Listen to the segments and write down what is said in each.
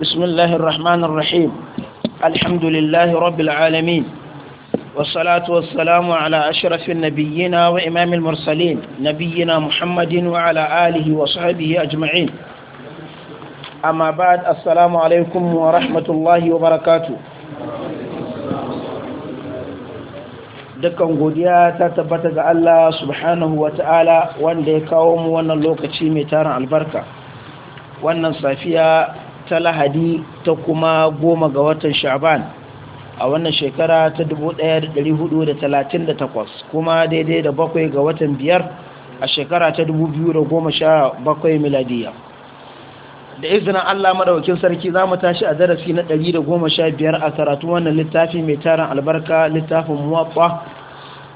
بسم الله الرحمن الرحيم الحمد لله رب العالمين والصلاة والسلام على أشرف النبيين وإمام المرسلين نبينا محمد وعلى آله وصحبه أجمعين أما بعد السلام عليكم ورحمة الله وبركاته dukkan godiya ta tabbata ga Allah subhanahu wa ta'ala wanda ya kawo mu wannan lokaci mai tarin albarka wannan safiya ta lahadi ta kuma goma ga watan sha'ban a wannan shekara ta 1438 kuma daidai da bakwai ga watan biyar a shekara ta 2017 miladiya da izinin Allah madaukakin sarki za mu tashi a darasi na 115 a karatu wannan littafi mai tarin albarka littafin muwaffa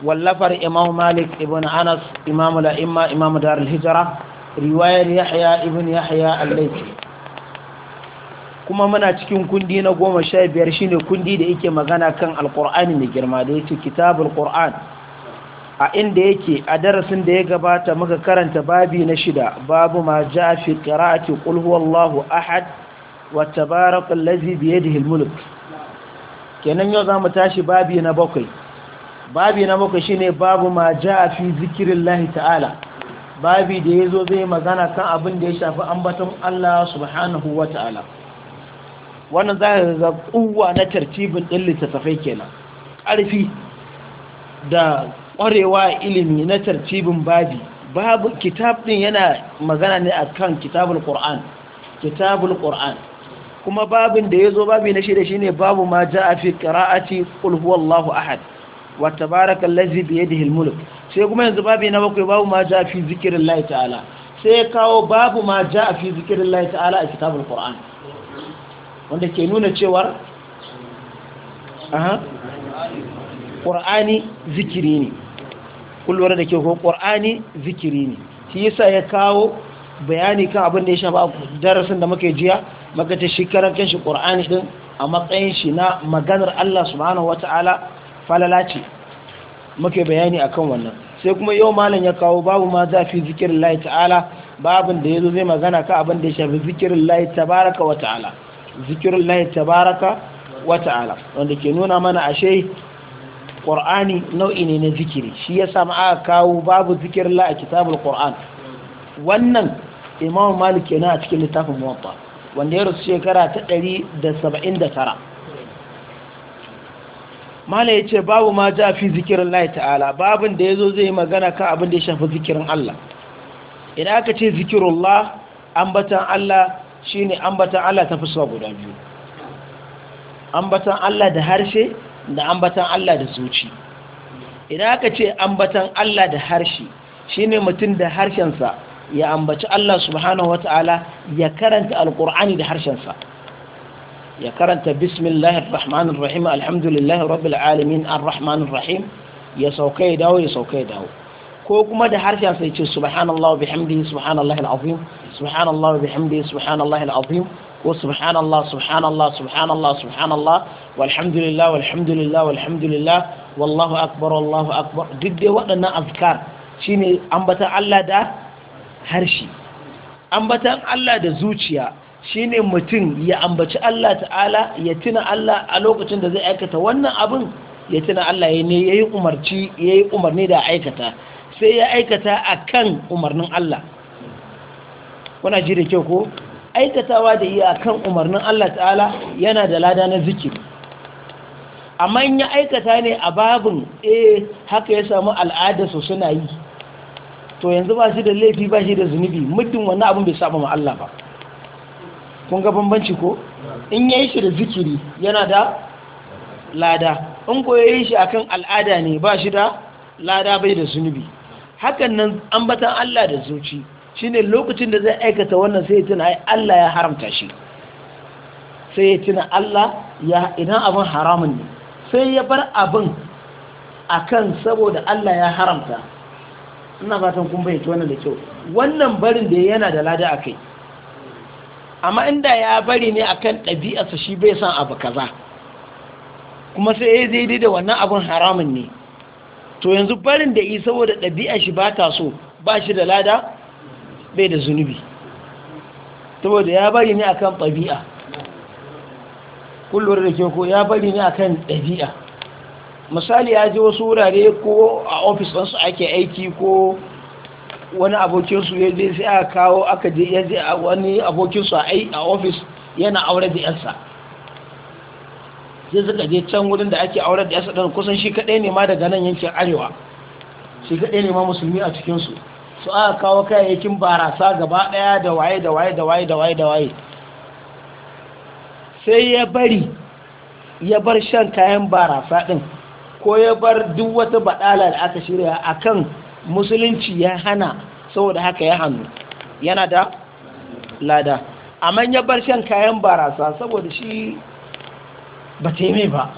wallafar imam malik ibn anas imam la'imma imam darul hijra riwayar yahya ibn yahya al kuma muna cikin kundi na goma sha biyar shine kundi da yake magana kan alkur'ani mai girma da yake kitabul qur'an a inda yake a darasin da ya gabata muka karanta babi na shida babu ma ja fi qira'ati qul huwallahu ahad wa tabarakal ladzi bi yadihi almulk kenan yau zamu tashi babi na bakwai babi na bakwai shine babu ma ja fi zikrillahi ta'ala babi da ya zo zai magana kan abin da ya shafi ambaton Allah subhanahu wa ta'ala wannan za ka ga kuwa na tartibin ɗin littattafai kenan ƙarfi da ƙwarewa ilimi na tartibin babi babu kitab ɗin yana magana ne a kan kitabul ƙor'an kitabul ƙor'an kuma babin da ya zo babi na shida shine babu ma ja a fi ƙira'ati ƙulhuwallahu ahad wa tabarakan lazi biye da hilmuluk sai kuma yanzu babi na bakwai babu ma ja a fi zikirin lai ta'ala sai ya kawo babu ma ja a fi zikirin lai ta'ala a kitabul ƙor'an wanda ke nuna cewar aha zikiri ne kullum da ke ko ƙur'ani zikiri ne shi yasa ya kawo bayani kan abin da ya shafa darasin da muka jiya maka ta shi karan shi ƙur'ani din a matsayin shi na maganar Allah subhanahu wata'ala falala ce muka bayani akan wannan sai kuma yau malam ya kawo babu ma za zikirin lai ta'ala babin da ya zo zai magana ka abin da ya shafi zikirin ta tabaraka wa ta'ala Zikirin zikirullahi tabaraka baraka ta'ala wanda ke nuna mana ashe ƙor'ani nau'i ne na zikiri shi ya samu aka kawo babu zikirin a kitabul ƙor'an wannan imam malik kenan a cikin littafin mawata wanda ya rasu shekara ta 179 mala ya ce babu ma ja fi zikirin lai ta'ala babin da ya zo zai magana kan abin da ya shafi zikirin Allah idan aka ce zikirullah ambatan Allah shine ambatan Allah ta fuska guda biyu ambatan Allah da harshe da ambatan Allah da zuci idan aka ce ambatan Allah da harshe shine mutum da harshensa ya ambaci Allah subhanahu wata'ala ya karanta alkur'ani da harshensa ya karanta bismillahir rahmanir rahim alhamdulillahi rabbil alamin arrahmanir rahim ya sauka ya dawo ya sauka ya dawo ko kuma da harshensa ya ce subhanallahi bihamdihi subhanallahi alazim subhanallah wa bihamdihi subhanallahi alazim ko subhanallah subhanallah subhanallah duk dai waɗannan azkar shine ambatan Allah da zuciya shine mutum ya ambaci Allah ta'ala ya tuna Allah a lokacin da zai aikata wannan abin ya tuna Allah ya ne yayi umarci yayi umarni da aikata sai ya aikata kan umarnin Allah kuna ji da kyau ko aikatawa da iya kan umarnin Allah ta'ala yana da lada na zikiri amma in ya aikata ne a babin eh haka ya samu al'ada su suna yi to yanzu ba shi da laifi ba shi da zunubi muddin wannan abin bai saba ma Allah ba kun ga bambanci ko in yayi shi da zikiri yana da lada in ko yayi shi akan al'ada ne ba shi da lada bai da zunubi hakan nan ambatan Allah da zuci ne lokacin da zai aikata wannan sai ya tuna ai Allah ya haramta shi sai ya tuna Allah ya idan abin haramun ne sai ya bar abin akan saboda Allah ya haramta ina fatan kun bayyana wannan da kyau wannan barin da yana da lada akai amma inda ya bari ne akan ɗabi'arsa shi bai san abu kaza kuma sai ya zai da wannan abin haramun ne to yanzu barin da yi saboda ɗabi'ar shi ba ta so ba shi da lada bai da zunubi saboda ya bari ne akan ɗabi'a kullum da ke ko ya bari ne akan ɗabi'a misali ya ji wasu wurare ko a ofis ɗansu ake aiki ko wani abokinsu ya je sai aka kawo aka je ya je wani abokinsu a ofis yana aure da yansa sai suka je can wurin da ake aure da yansa ɗan kusan shi kaɗai ne ma daga nan yankin arewa shi kaɗai ne ma musulmi a cikinsu su aka kawo kayayyakin barasa gaba ɗaya da waye da waye da waye da waye da waye sai ya bari ya bar shan kayan barasa ɗin ko ya bar duk wata baɗala da aka shirya akan musulunci ya hana saboda haka ya hannu yana da lada amma ya bar shan kayan barasa saboda shi ba ta yi mai ba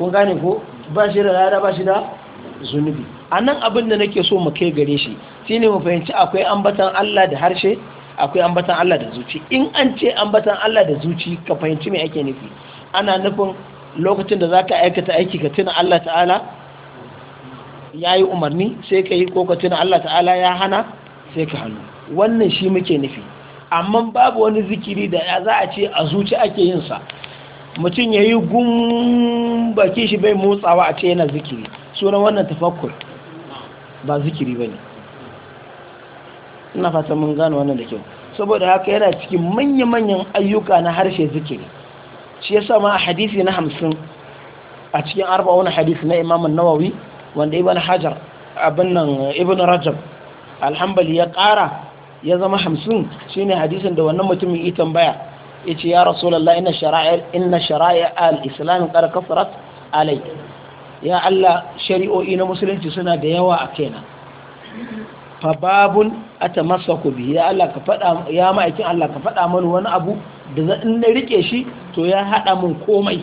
kun gane ko ba shi da lada ba shi da zunubi a nan abin da nake so mu kai gare shi shi ne mu fahimci akwai ambatan Allah da harshe akwai ambatan Allah da zuci in an ce ambatan Allah da zuci ka fahimci me ake nufi ana nufin lokacin da za ka aikata aiki ka tuna Allah ta'ala ya yi umarni sai ka yi ko ka tuna Allah ta'ala ya hana sai ka hannu wannan shi muke nufi amma babu wani zikiri da za a ce a zuci ake yin sa mutum ya yi gun baki shi bai motsawa a ce yana zikiri sunan wannan tafakkur ba zikiri ba ne ina fata mun gano wannan da kyau saboda haka yana cikin manya-manyan ayyuka na harshe zikiri shi yasa ma a hadisi na hamsin a cikin arba'un hadisi na imamun nawawi wanda ibn hajar abin nan ibn rajab alhambali ya ƙara ya zama hamsin shine hadisin da wannan mutumin itan tambaya ya ce ya rasulallah ina shara'i al-islam qad alai ya Allah shari'o'i na musulunci suna da yawa a kena fa babun atamassaku bihi ya Allah ya ma'aikin Allah ka faɗa mana wani abu da in na rike shi to ya haɗa mun komai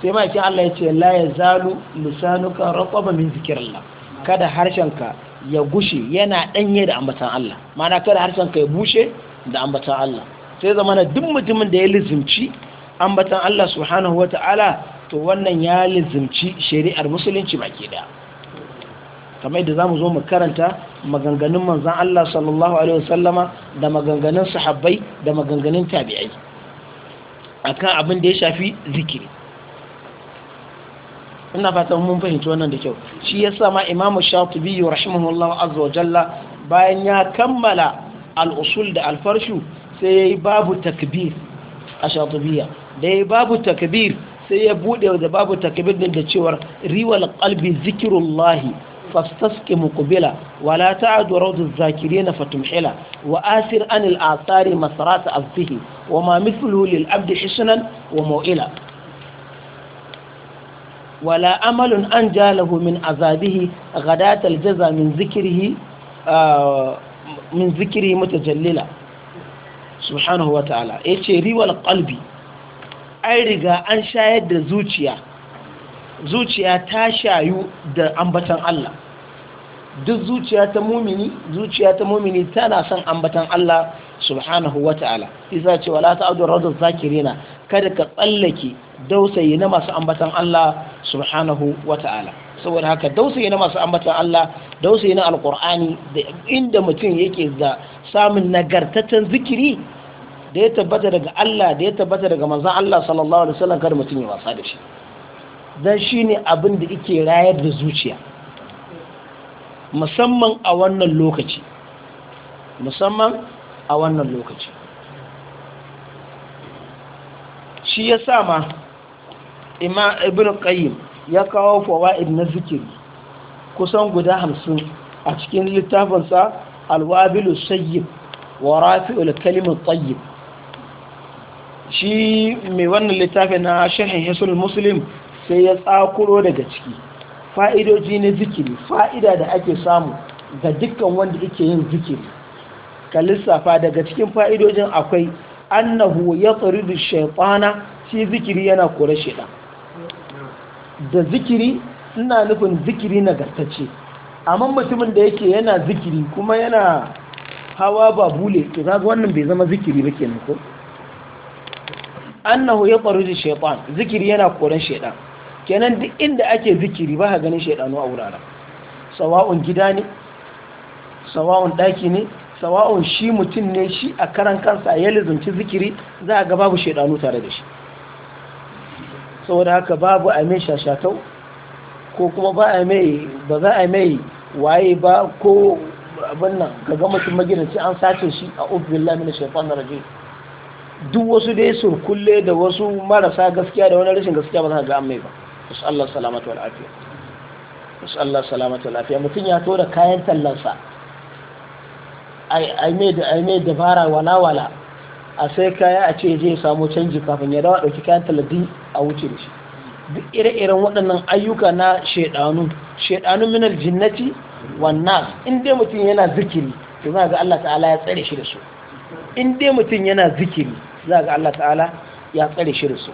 sai ma'aikin Allah ya ce la yazalu lisanuka raqaba min zikrillah kada harshenka ya gushe yana danye da ambatan Allah ma'ana kada harshenka ya bushe da ambatan Allah sai zamana duk mutumin da ya lizimci ambatan Allah subhanahu wata'ala to wannan ya lizimci shari'ar musulunci baki daya kamar da mu zo mu karanta maganganun manzan Allah sallallahu alaihi wasallama da maganganun sahabbai da maganganun tabi'ai akan abin da ya shafi zikiri ina fata mun fahimci wannan da kyau shi ya yasa ma Imam Shatibi rahimahullahu azza wa jalla bayan ya kammala al'usul da alfarshu, sai ya yi babu takbir a Shatibiyya da yi babu takbir sai ya buɗe da babu takabir din da cewar riwal qalbi zikrullahi fastasqi muqbila wala ta'du rawdu zakirin fatumhila wa asir anil athari masrat afsihi wa ma mithluhu lil abdi hisnan wa maw'ila wala amalun an jalahu min azabihi ghadat aljaza min zikrihi ah, min zikrihi mutajallila subhanahu wa ta'ala yace riwal qalbi an riga an shayar da zuciya zuciya ta shayu da ambatan Allah duk zuciya ta mumini zuciya ta mumini tana son ambatan Allah subhanahu wata'ala isa ce wala ta'udu radul zakirina kada ka tsallake dausayi na masu ambatan Allah subhanahu wata'ala saboda haka dausayi na masu ambatan Allah dausayi na alqur'ani da inda mutum yake da samun nagartaccen zikiri da ya tabbata daga Allah da ya tabbata daga maza Allah sallallahu alaihi wasallam kada mutum ya wasa da shi dan shine abin da yake rayar da zuciya musamman a wannan lokaci musamman a wannan lokaci shi ya sa ma ima ibn qayyim ya kawo fawaid na zikiri kusan guda hamsin a cikin littafinsa alwabilu sayyib wa rafi'ul kalimat tayyib shi mai wannan littafi na shahin hasul muslim sai ya tsakuro daga ciki fa'idoji na zikiri fa'ida da ake samu ga dukkan wanda ake yin zikiri ka lissafa daga cikin fa'idojin akwai annahu ya tsari da shaifana shi zikiri yana kore shida. da zikiri suna nufin zikiri nagartacce amma mutumin da yake yana zikiri kuma yana hawa ba bule to zaga wannan bai zama zikiri ba kenan ko annahu ya da shaitan zikiri yana koren shaitan kenan duk inda ake zikiri ba ka ganin a wuraren sawa'un gida ne sawa'un ɗaki ne sawa'un shi mutum ne shi a karan kansa ya lizunci zikiri za a ga babu shaidanu tare da shi saboda haka babu a mai shashatau ko kuma ba mai za a mai waye ba ko abin nan ga mutum magidanci an sace shi a ubin lamina shaifan na rajin duk wasu dai sun kulle da wasu marasa gaskiya da wani rashin gaskiya ba za ka ga mai ba wasu Allah salamatu wa afiya wasu Allah salamatu wa afiya mutum ya tura kayan tallansa ai mai da mai dabara wala wala a sai kaya a ce je ya samu canji kafin ya dawa dauki kayan talladi a wuce da shi duk ire-iren waɗannan ayyuka na shaidanu shaidanu minal jinnati wannan in dai mutum yana zikiri to za ga Allah ta'ala ya tsare shi da su in dai mutum yana zikiri za ga Allah ta'ala ya tsare shi su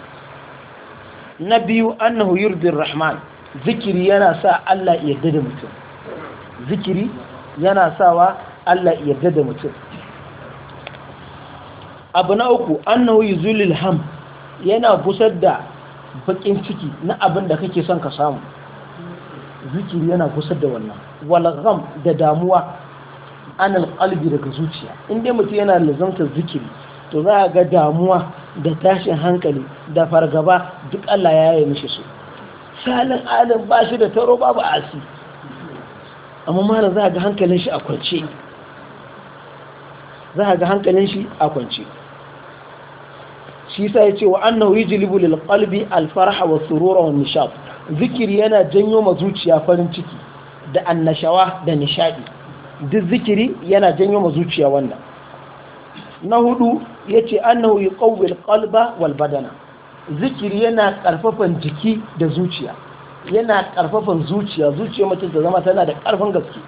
na biyu annahu yurdin rahman zikiri yana sa Allah ya yarda da mutum zikiri yana sawa Allah yarda da mutum abu na uku annahu yuzulil ham yana gusar da bakin ciki na abin da kake son ka samu zikiri yana gusar da wannan walgham da damuwa an alƙalbi daga zuciya inda mutum yana lazanta zikiri to za a ga damuwa da tashin hankali da fargaba duk Allah ya yi mishi su salin adam ba shi da taro babu asi amma mana za a ga hankalin shi a kwance za a ga hankalin shi a kwance shi sa ya ce wa annahu yujlibu lil kalbi al wa wa nishab zikiri yana janyo ma zuciya farin ciki da annashawa da nishadi duk zikiri yana janyo ma zuciya wannan na hudu yace annahu yuqawwil qalba wal badana zikiri yana karfafan jiki da zuciya yana karfafan zuciya zuciya mutum ta zama tana da karfin gaske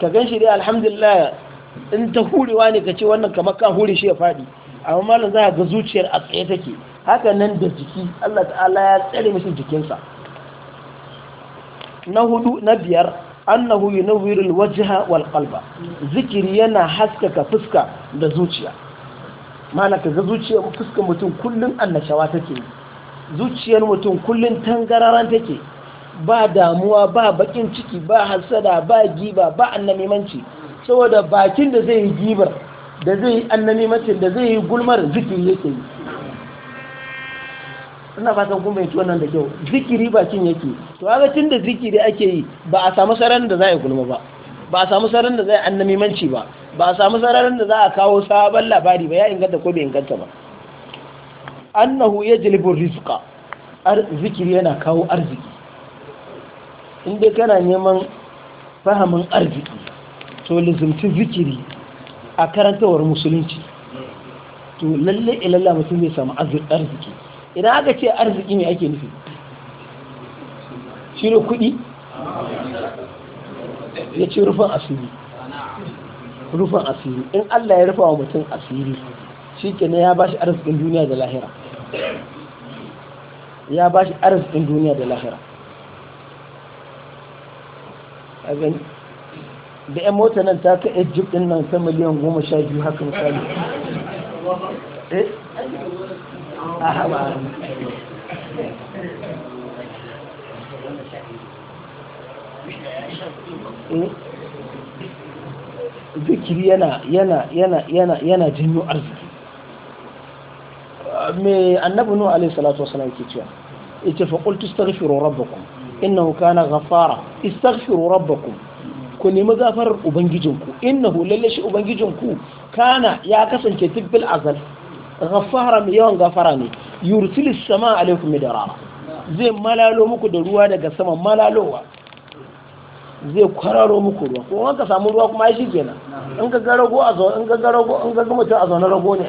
ka gan shi dai alhamdulillah in ta hurewa ne ka ce wannan kamar ka hure shi ya faɗi amma malam za ga zuciyar a tsaye take haka nan da jiki Allah ta'ala ya tsare mishi jikinsa na hudu na biyar annahu yunawwirul wajha wal qalba zikiri yana haskaka fuska da zuciya mana ka ga zuciyar fuskar mutum kullum annashawa take zuciyar mutum kullum tangararan take ba damuwa ba bakin ciki ba hasada ba giba ba annamimanci saboda bakin da zai yi gibar da zai yi annamimacin da zai yi gulmar zikiri yake yi ina fatan kun bayyanci wannan da kyau zikiri bakin yake to haka tun da zikiri ake yi ba a samu saran da za a yi gulma ba ba a samu saran da za a yi annamimanci ba ba a samu sararin da za a kawo sabon labari ba ya inganta ko bai inganta ba annahu ya jilibin rizqa arziki yana kawo arziki inda kana neman fahimin arziki to lizimci zikiri a karantawar musulunci to lalle ilalla mutum zai samu arziki idan aka ce arziki ne ake nufi shi ne kuɗi ya ce rufin asiri rufin asiri in Allah ya rufa wa mutum asiri shi ne ya bashi arzikin duniya da lahira ya bashi arzikin duniya da lahira da yan mota nan ta ka egypt din nan ta miliyan goma sha biyu haka misali eh a eh zikiri yana yana yana yana yana jinyo arziki me annabi nuhu alayhi salatu wasallam yake cewa yace fa qultu astaghfiru rabbakum innahu kana ghafara istaghfiru rabbakum ku nemi gafarar ubangijinku innahu lalle shi ubangijinku kana ya kasance tibbil azal ghafara mai yawan gafara ne yursilis sama alaikum midarara zai malalo muku da ruwa daga sama malalowa zai kwararo muku ruwa ko wanka samu ruwa kuma ya shi kenan in ka ga rago a zo in ga rago in ga mutum a zaune rago ne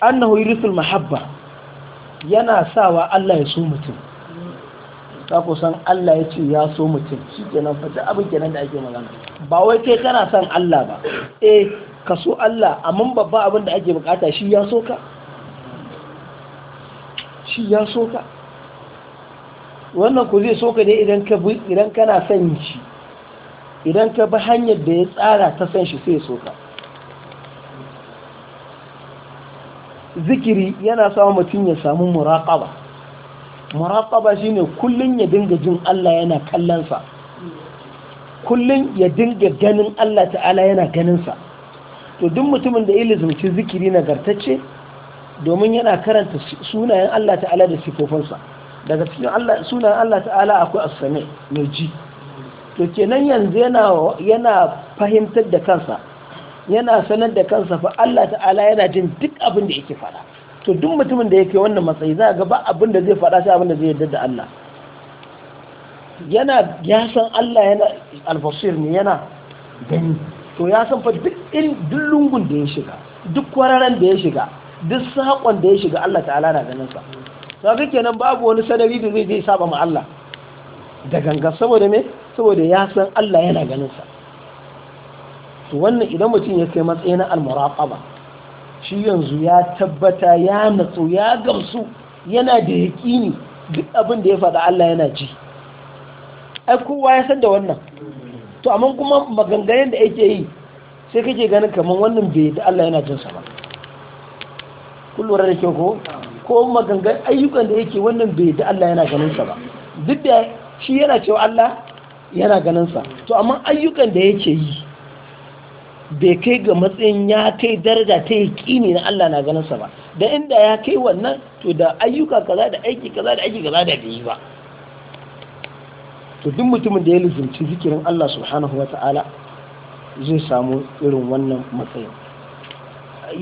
annahu yurisul mahabba yana sawa Allah ya so mutum ka ku san Allah ya ce ya so mutum shi kenan fata abin kenan da ake magana ba wai kai kana son Allah ba eh ka so Allah amma babba abin da ake bukata shi ya so ka shi ya so ka wannan ku zai so ka dai idan ka bi idan kana shi idan ka bi hanyar da ya tsara ta san shi sai so ka zikiri yana sawa mutum ya samu muraƙaba shi ne kullum ya dinga jin Allah yana kallonsa, kullum ya dinga ganin Allah ta'ala yana ganinsa. to duk mutumin da ilizumci zikiri nagartacce domin yana karanta sunayen Allah ta'ala da sifofinsa daga cikin sunan Allah ta'ala akwai asami mai ji to kenan yanzu yana fahimtar da kansa yana sanar da kansa fa Allah ta'ala yana jin duk abin da yake faɗa to duk mutumin da yake wannan matsayi za ga ba abin da zai faɗa sai abin da zai yarda da Allah yana ya san Allah yana al-basir ne yana gani to ya san fa duk irin dullungun da ya shiga duk kwararan da ya shiga duk saƙon da ya shiga Allah ta'ala na ganin sa ke kenan babu wani sanari da zai zai saba ma Allah da ganga saboda me saboda ya san Allah yana ganinsa. to wannan idan mutum ya kai matsayin al-muraqaba shi yanzu ya tabbata ya natsu ya gamsu yana da yaƙini duk abin da ya faɗa Allah yana ji ai kowa ya san da wannan to amma kuma maganganun da yake yi sai kake ganin kamar wannan bai da Allah yana jin sa ba kun da kyau ko ko magangan ayyukan da yake wannan bai da Allah yana ganin ba duk da shi yana cewa Allah yana ganin to amma ayyukan da yake yi bai kai ga matsayin ya kai daraja ta ne na Allah na ganin sa ba da inda ya kai wannan to da ayyuka kaza da aiki kaza da aiki kaza da bai yi ba to duk mutumin da ya lizinci zikirin Allah subhanahu wata'ala zai samu irin wannan matsayin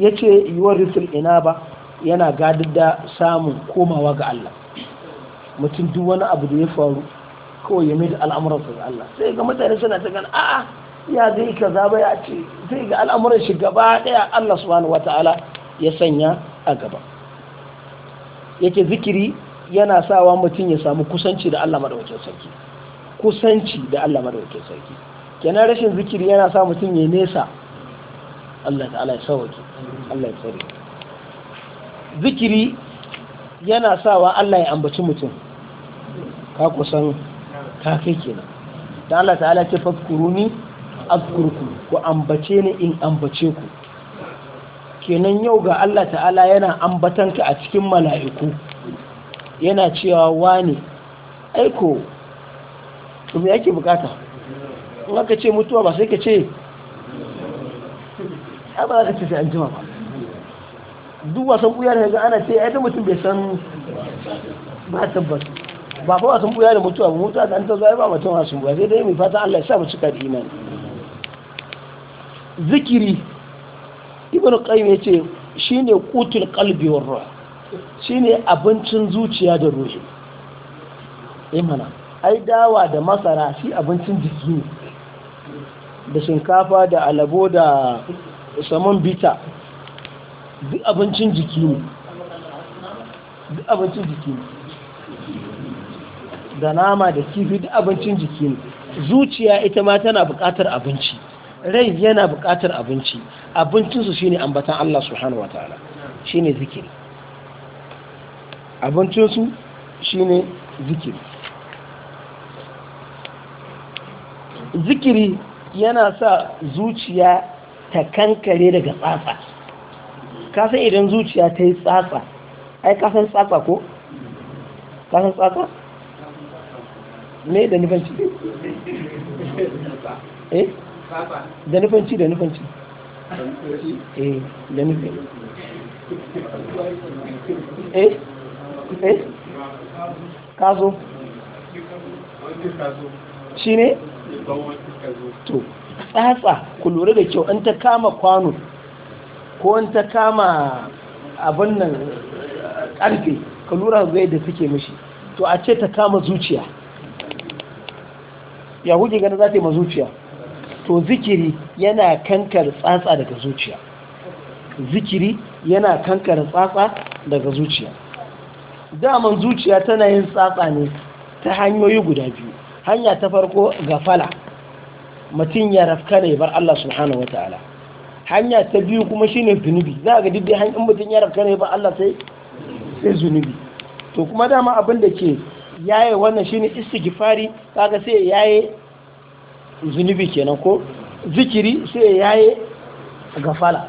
yace yuwar ina ba? yana gadi da samun komawa ga Allah mutum duk wani abu da ya faru kawai ya da al'amuran al'amuransa ga Allah sai ga mutane suna ta gani a'a ya zai ka zaba ya ce zai ga al'amuran shi gaba daya Allah subhanahu wataala ya sanya a gaba yake zikiri yana sawa mutum ya samu kusanci da Allah madawacin sarki kusanci da Allah madawacin sarki kenan rashin zikiri yana sa mutum ya nesa Allah ta'ala ya sauke Allah ya tsare zikiri yana sawa Allah ya ambaci mutum ka kusan ka kai kenan da Allah ta'ala ce fadkuruni azkurku ku ambace ni in ambace ku kenan yau ga Allah ta'ala yana ambatanka a cikin mala'iku yana cewa wani aiko me yake bukata in aka ce mutuwa ba sai ka ce ba za ka ce sai an jima ba duk wasan buya da ga ana ce ai da mutum bai san ba tabbas ba fa wasan buya da mutuwa ba mutuwa da an ta zai ba mutum wasan buya sai dai mai fata Allah ya sa mu cika da imani zikiri ibnu qayyim yace shine qutul qalbi war ruh shine abincin zuciya da ruhi eh mana ai dawa da masara shi abincin jiki ne da shinkafa da alabo da saman bita duk abincin jiki ne duk abincin jiki ne da nama da kifi duk abincin jiki ne zuciya ita ma tana buƙatar abinci rai yana buƙatar abinci abincinsu shine ambatan Allah subhanahu wataala shine zikiri abincinsu shine zikiri zikiri yana sa zuciya ta kankare daga tsatsa kasan idan zuciya ta yi tsatsa ai kasan tsatsa ko? kasan tsatsa? me da nufanci? eh? da nufanci da nufanci eh da Nufanci. eh? eh? kaso? shi ne? to tsatsa ku lura da kyau an ta kama kwano ko ta kama abin nan ƙarfe ka lura ga yadda suke mashi. to a ce ta kama zuciya ya kuke ganin za ta yi ma zuciya to zikiri yana kankar tsatsa daga zuciya zikiri yana kankar tsatsa daga zuciya daman zuciya tana yin tsatsa ne ta hanyoyi guda biyu hanya ta farko gafala mutum ya rafka ne bar Allah subhanahu wa ta'ala hanya ta biyu kuma shine zunubi za ga duk dai hanyar mutum ya rafka ne ba Allah sai sai zunubi to kuma dama abin da ke yaye wannan shine istighfari kaga sai yaye zunubi kenan ko zikiri sai yaye gafala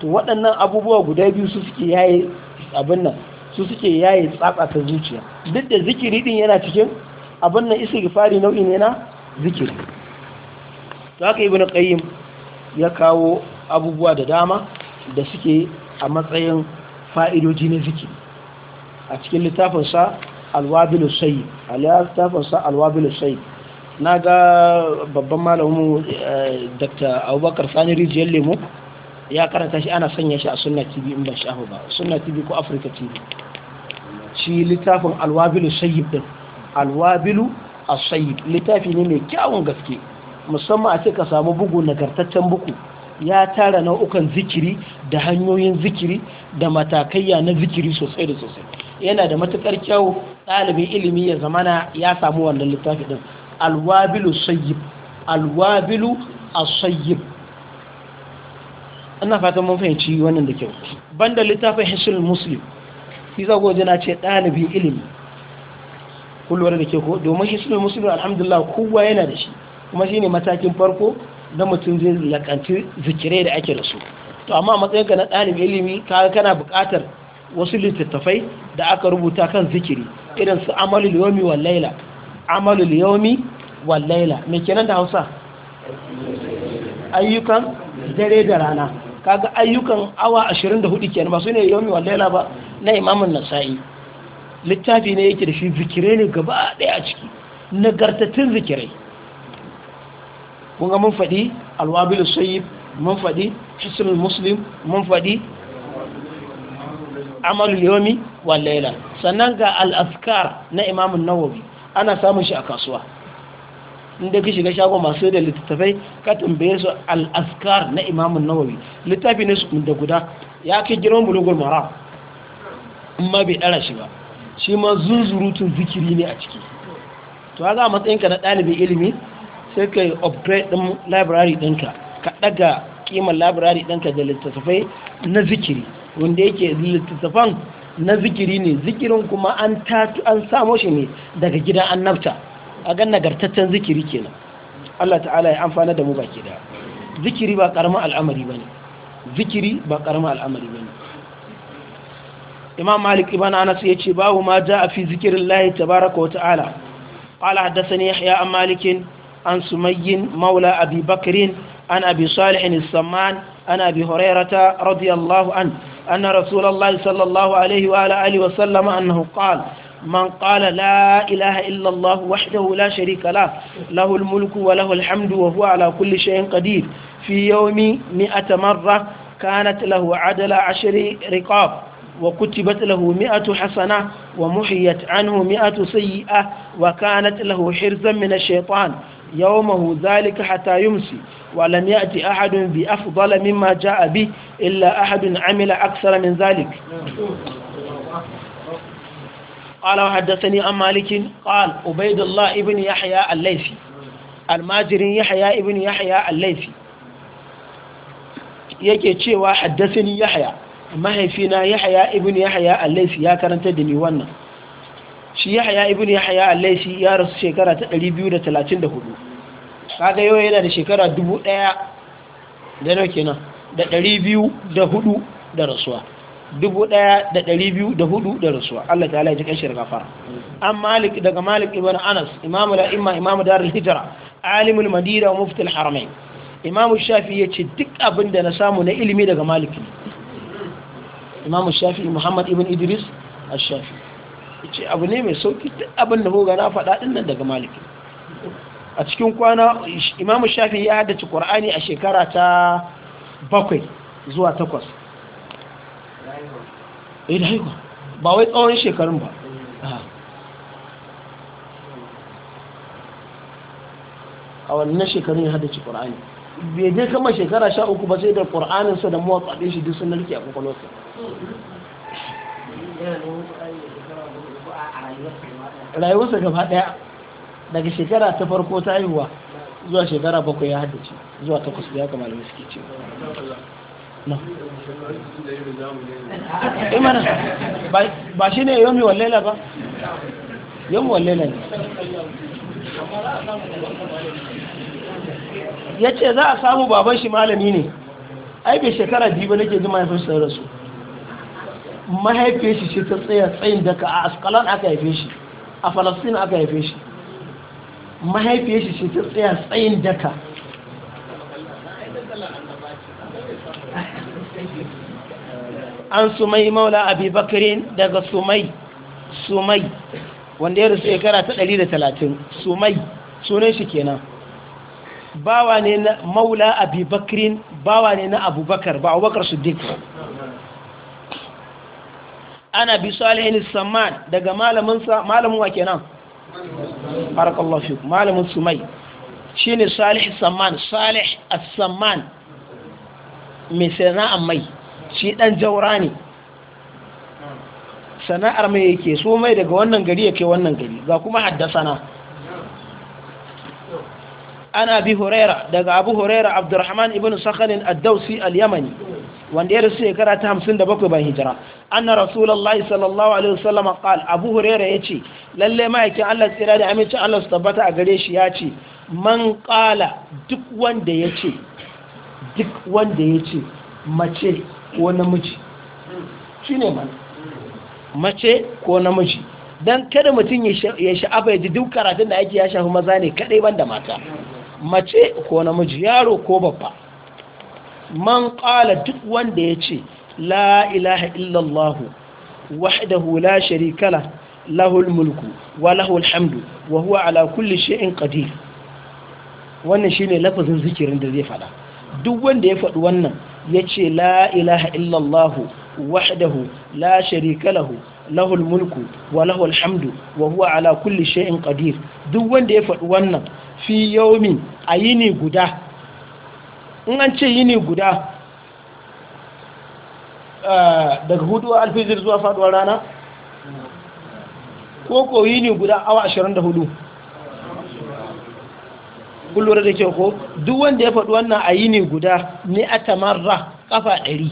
to waɗannan abubuwa guda biyu su suke yaye abin nan su suke yaye tsatsa ta zuciya duk da zikiri din yana cikin abin nan istighfari nau'i ne na zikiri to haka ibnu qayyim ya kawo abubuwa da dama da suke a matsayin fa'idoji na ziki a cikin littafinsa alwabilu sai a littafinsa alwabilu sai na ga babban malamin eh, dr abubakar sani rijiyar lemo ya karanta shi ana sanya shi a sunna tv in ba shafa ba sunna tv ko afirka tv shi littafin alwabilu sayyid din alwabilu a littafi ne mai kyawun gaske musamman a ce ka samu bugu nagartaccen bugu ya tara nau'ukan zikiri da hanyoyin zikiri da matakaiya na zikiri sosai da sosai yana da matukar kyau ɗalibin ilimi ya zamana ya samu wannan littafi din alwabilu sayyib alwabilu asayyib ina fatan mun fahimci wannan da kyau banda littafin hisul muslim shi zago na ce ɗalibin ilimi kullum da ke ko domin hisul muslim alhamdulillah kowa yana da shi kuma shine matakin farko na mutum zai lakanci zikirai da ake da su to amma matsayin ka na ɗalib ilimi kaga kana buƙatar wasu littattafai da aka rubuta kan zikiri irin su amalu yawmi wal laila amalu yawmi wal laila me kenan da Hausa ayyukan dare da rana kaga ayyukan awa 24 kenan ba su ne yawmi wal laila ba na imamun nasa'i littafi ne yake da shi zikirai ne gaba ɗaya a ciki nagartattun zikirai kun ga mun faɗi alwabil sayyib mun faɗi hisnul muslim mun faɗi amalul yomi wa laila sannan ga al'askar na imam an-nawawi ana samun shi a kasuwa inda ka shiga shago masu da littattafai ka tambaye su al'askar na imam an-nawawi littafi ne su da guda ya kai girman bulugul mara. amma bai ɗara shi ba shi ma zunzurutun zikiri ne a ciki to ga matsayinka na ɗalibin ilimi sai ka yi upgrade ɗin labirari ɗinka ka ɗaga kimar library ɗinka da littattafai na zikiri wanda yake littattafan na zikiri ne zikirin kuma an tatu an samo shi ne daga gidan annabta a gan nagartaccen zikiri kenan Allah ta'ala ya amfana da mu baki da zikiri ba karamin al'amari bane zikiri ba karamin al'amari bane Imam Malik ibn Anas yace babu ma ja'a fi zikrillahi tabaaraka wa ta'ala qala hadathani Yahya an Malikin عن سمي مولى أبي بكر عن أبي صالح السمان عن أبي هريرة رضي الله عنه أن رسول الله صلى الله عليه وعلى آله وسلم أنه قال من قال لا إله إلا الله وحده لا شريك له له الملك وله الحمد وهو على كل شيء قدير في يوم مئة مرة كانت له عدل عشر رقاب وكتبت له مئة حسنة ومحيت عنه مئة سيئة وكانت له حرزا من الشيطان يومه ذلك حتى يمسي ولم يأتي أحد بأفضل مما جاء به إلا أحد عمل أكثر من ذلك قال وحدثني عن مالك قال عبيد الله ابن يحيى الليثي الماجر يحيى ابن يحيى الليثي yake cewa haddasani yahya mahaifina yahya ibn yahya al-laysi ya karanta da ni wannan shi yahya ibn yahya al-laysi ya rasu shekara ta 234 kaga yau yana da shekara 1000 da nawa kenan da 204 da rasuwa 1204 da rasuwa Allah ta'ala ya ji kan shirka fara an malik daga malik ibn anas imamu da imma imamu darul hijra alimul madina wa al haramain imamu shafi ya ce duk abin da na samu na ilimi daga Malik. imamu shafi muhammad ibn idris al-shafi ce abu ne mai sauki abin da boga na faɗa ɗin nan daga maliki a cikin kwana imamu shafi ya haddace ƙwar'ani a shekara ta bakwai zuwa takwas eh, ba wai tsawon shekarun ba a wannan shekarun ya haddace ƙwar'ani bai dai kama shekara sha uku ba sai da ƙwar'aninsa da mawatsa ɗin shi duk sun a ƙwaƙwalwarsa rayuwarsa gaba daya daga shekara ta farko ta haihuwa zuwa shekara bakwai ya haddace zuwa takwas ya kamar da suke ce eh ba shi ne yomi wallela ba yomi wallela ne ya ce za a samu baban shi malami ne ai bai shekara biyu ba nake jima ya fi sauransu mahaifiyar shi ce ta tsaye tsayin daka a askalan aka haife shi a falasina aka haife shi mahaifiyar shi ce ta tsaye tsayin daka an sumai maula abubakirin daga sumai sumai wanda ya rasu shekara ta 130 sumai sunan shi kenan bawa ne na maula abubakirin bawa ne na abubakar ba abubakar su duk ana bi salihin samman daga malamin sa malamin wa kenan barakallahu fik malamin sumai shine salih samman salih as-samman mai sana'an mai shi dan jaurani sana'ar mai yake so mai daga wannan gari yake wannan gari ga kuma haddasana ana bi huraira daga abu huraira abdurrahman ibn sakhan ad-dawsi al-yamani wanda ya rasu shekara ta hamsin da bakwai bayan hijira An anna rasulullahi sallallahu alaihi wasallam kal abu ya ce. lalle ma'aikin Allah tsira da aminci Allah su tabbata a gare shi ya ce man kala duk wanda ya ce duk wanda ya ce mace ko namiji ne man mace ko namiji dan kada mutum ya sha'afa ya ji duk karatun da ake ya shafi maza ne kadai banda mata mace ko namiji yaro ko babba man ƙala duk wanda ya ce la ilaha illallah wahdahu la sharika la lahul mulku wa lahul hamdu wa huwa ala kulli shay'in qadir wannan shine lafazin zikirin da zai fada duk wanda ya faɗi wannan ya ce la ilaha illallah wahdahu la sharika lahu lahul mulku wa lahul hamdu wa huwa ala kulli shay'in qadir duk wanda ya faɗi wannan fi yawmin ayini guda in an ce yini guda eh, daga hudu alfijir zuwa faduwar rana ko ko yini guda awa 24 kullum da ke ko duk wanda ya faɗi wannan a yini guda ne a tamarra ƙafa 100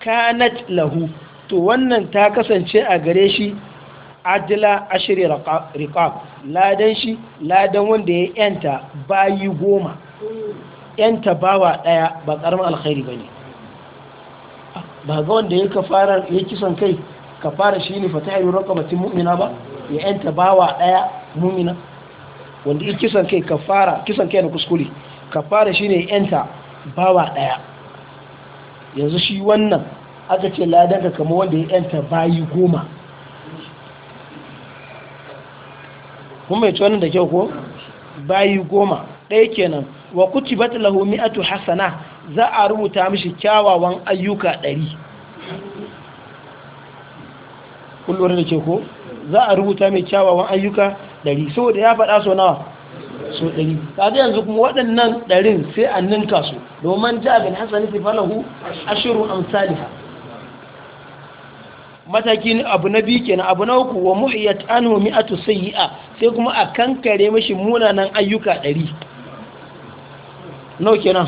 kanat lahu to wannan ta kasance a gare shi adila ashirin riqab ladan shi ladan wanda ya yanta bayi goma yanta bawa ɗaya ba karamin alkhairi ne ba ga wanda ya fara ya kisan kai fata yi roƙa raqabatin mu'mina ba ya yan bawa daya mu'mina wanda ya kisan kai kafara kisan kai na kuskure shi ne yanta bawa daya yanzu shi wannan aka ce ladanka kama wanda ya yanta bayi goma kun mai wannan da kyau ko bayi goma ɗaya kenan wa kutubat lahu mi'atu hasana za a rubuta mishi kyawawan ayyuka ɗari kullum da ke ko za a rubuta mai kyawawan ayyuka ɗari saboda ya faɗa so nawa so 100 kaga yanzu kuma waɗannan 100 sai an ninka su domin jabin hasani hasan fi falahu ashiru amsalha mataki abu na biyu kenan abu na uku wa mu'iyat anhu mi'atu sayyi'a sai kuma a kankare mishi munanan ayyuka ɗari nau kenan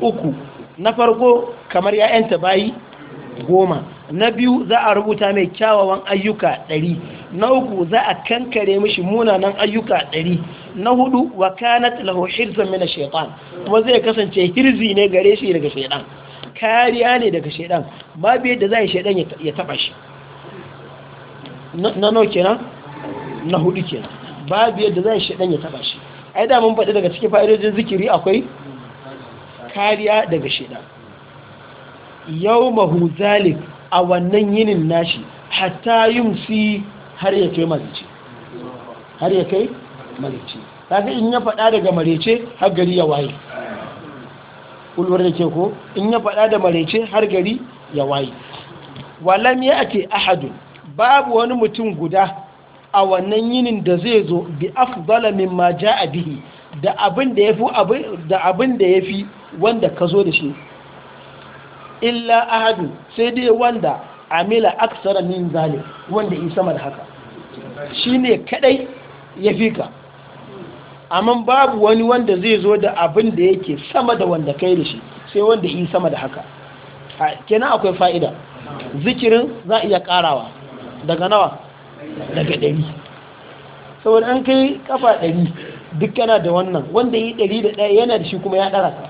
uku na farko kamar yanta bayi goma na biyu za a rubuta mai kyawawan ayyuka ɗari na uku za a kankare mishi munanan ayyuka ɗari na hudu wa kanat lahu hirzan mina shaytan kuma zai kasance hirzi ne gare shi daga shaytan kariya ne daga shaytan babu yadda yi shaytan ya taba shi na no kenan na hudu kenan babu yadda yi shaytan ya taba shi ai da mun faɗi daga cikin fa'idojin zikiri akwai kariya daga shida. yau mahu zalik a wannan yinin nashi hatta yumsi har ya kai marice har ya kai marice kaga in ya faɗa daga marice har gari ya waye kulwar da ke ko in ya faɗa da marice har gari ya waye walam ya ake ahadun babu wani mutum guda a wannan yinin da zai zo bi afdala mimma ja'a bihi da abin da yafi da abin da yafi wanda ka zo da shi illa ahadu sai dai wanda amila aksara min zalim wanda yi sama da haka shine kadai ya fi ka amma babu wani wanda zai zo da abin da yake sama da wanda kai da shi sai wanda yi sama da haka kenan akwai fa'ida zikirin za a iya karawa daga nawa daga ɗari saboda an kai kafa ɗari duk yana da wannan wanda yi ɗari da ɗaya yana da shi kuma ya ɗara ka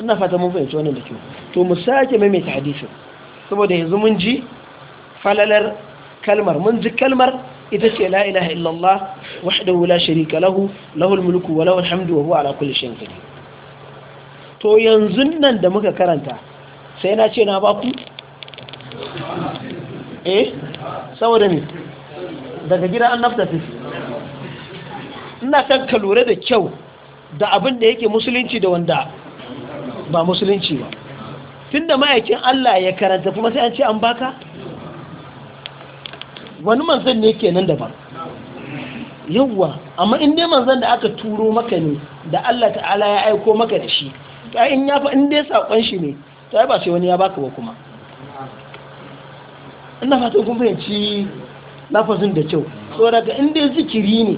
ina fata mun fahimci wannan da kyau to mu sake maimaita hadisi saboda yanzu mun ji falalar kalmar mun ji kalmar ita ce la ilaha illallah wahdahu la sharika lahu lahul mulku wa lahul hamdu wa huwa ala kulli shay'in qadir to yanzu nan da muka karanta sai na ce na baku eh saboda ne daga gida an nafta fi ina kan lura da kyau da abin da yake musulunci da wanda ba musulunci ba tun ma'aikin Allah ya karanta kuma sai an ce an baka wani manzan ne ke nan daban yawwa amma in dai manzan da aka turo maka ne da Allah ta'ala ya aiko maka da shi ta in ya fa in dai saƙon shi ne ta ba sai wani ya baka ba kuma ina fatan kun fahimci lafazin da kyau so daga inda zikiri ne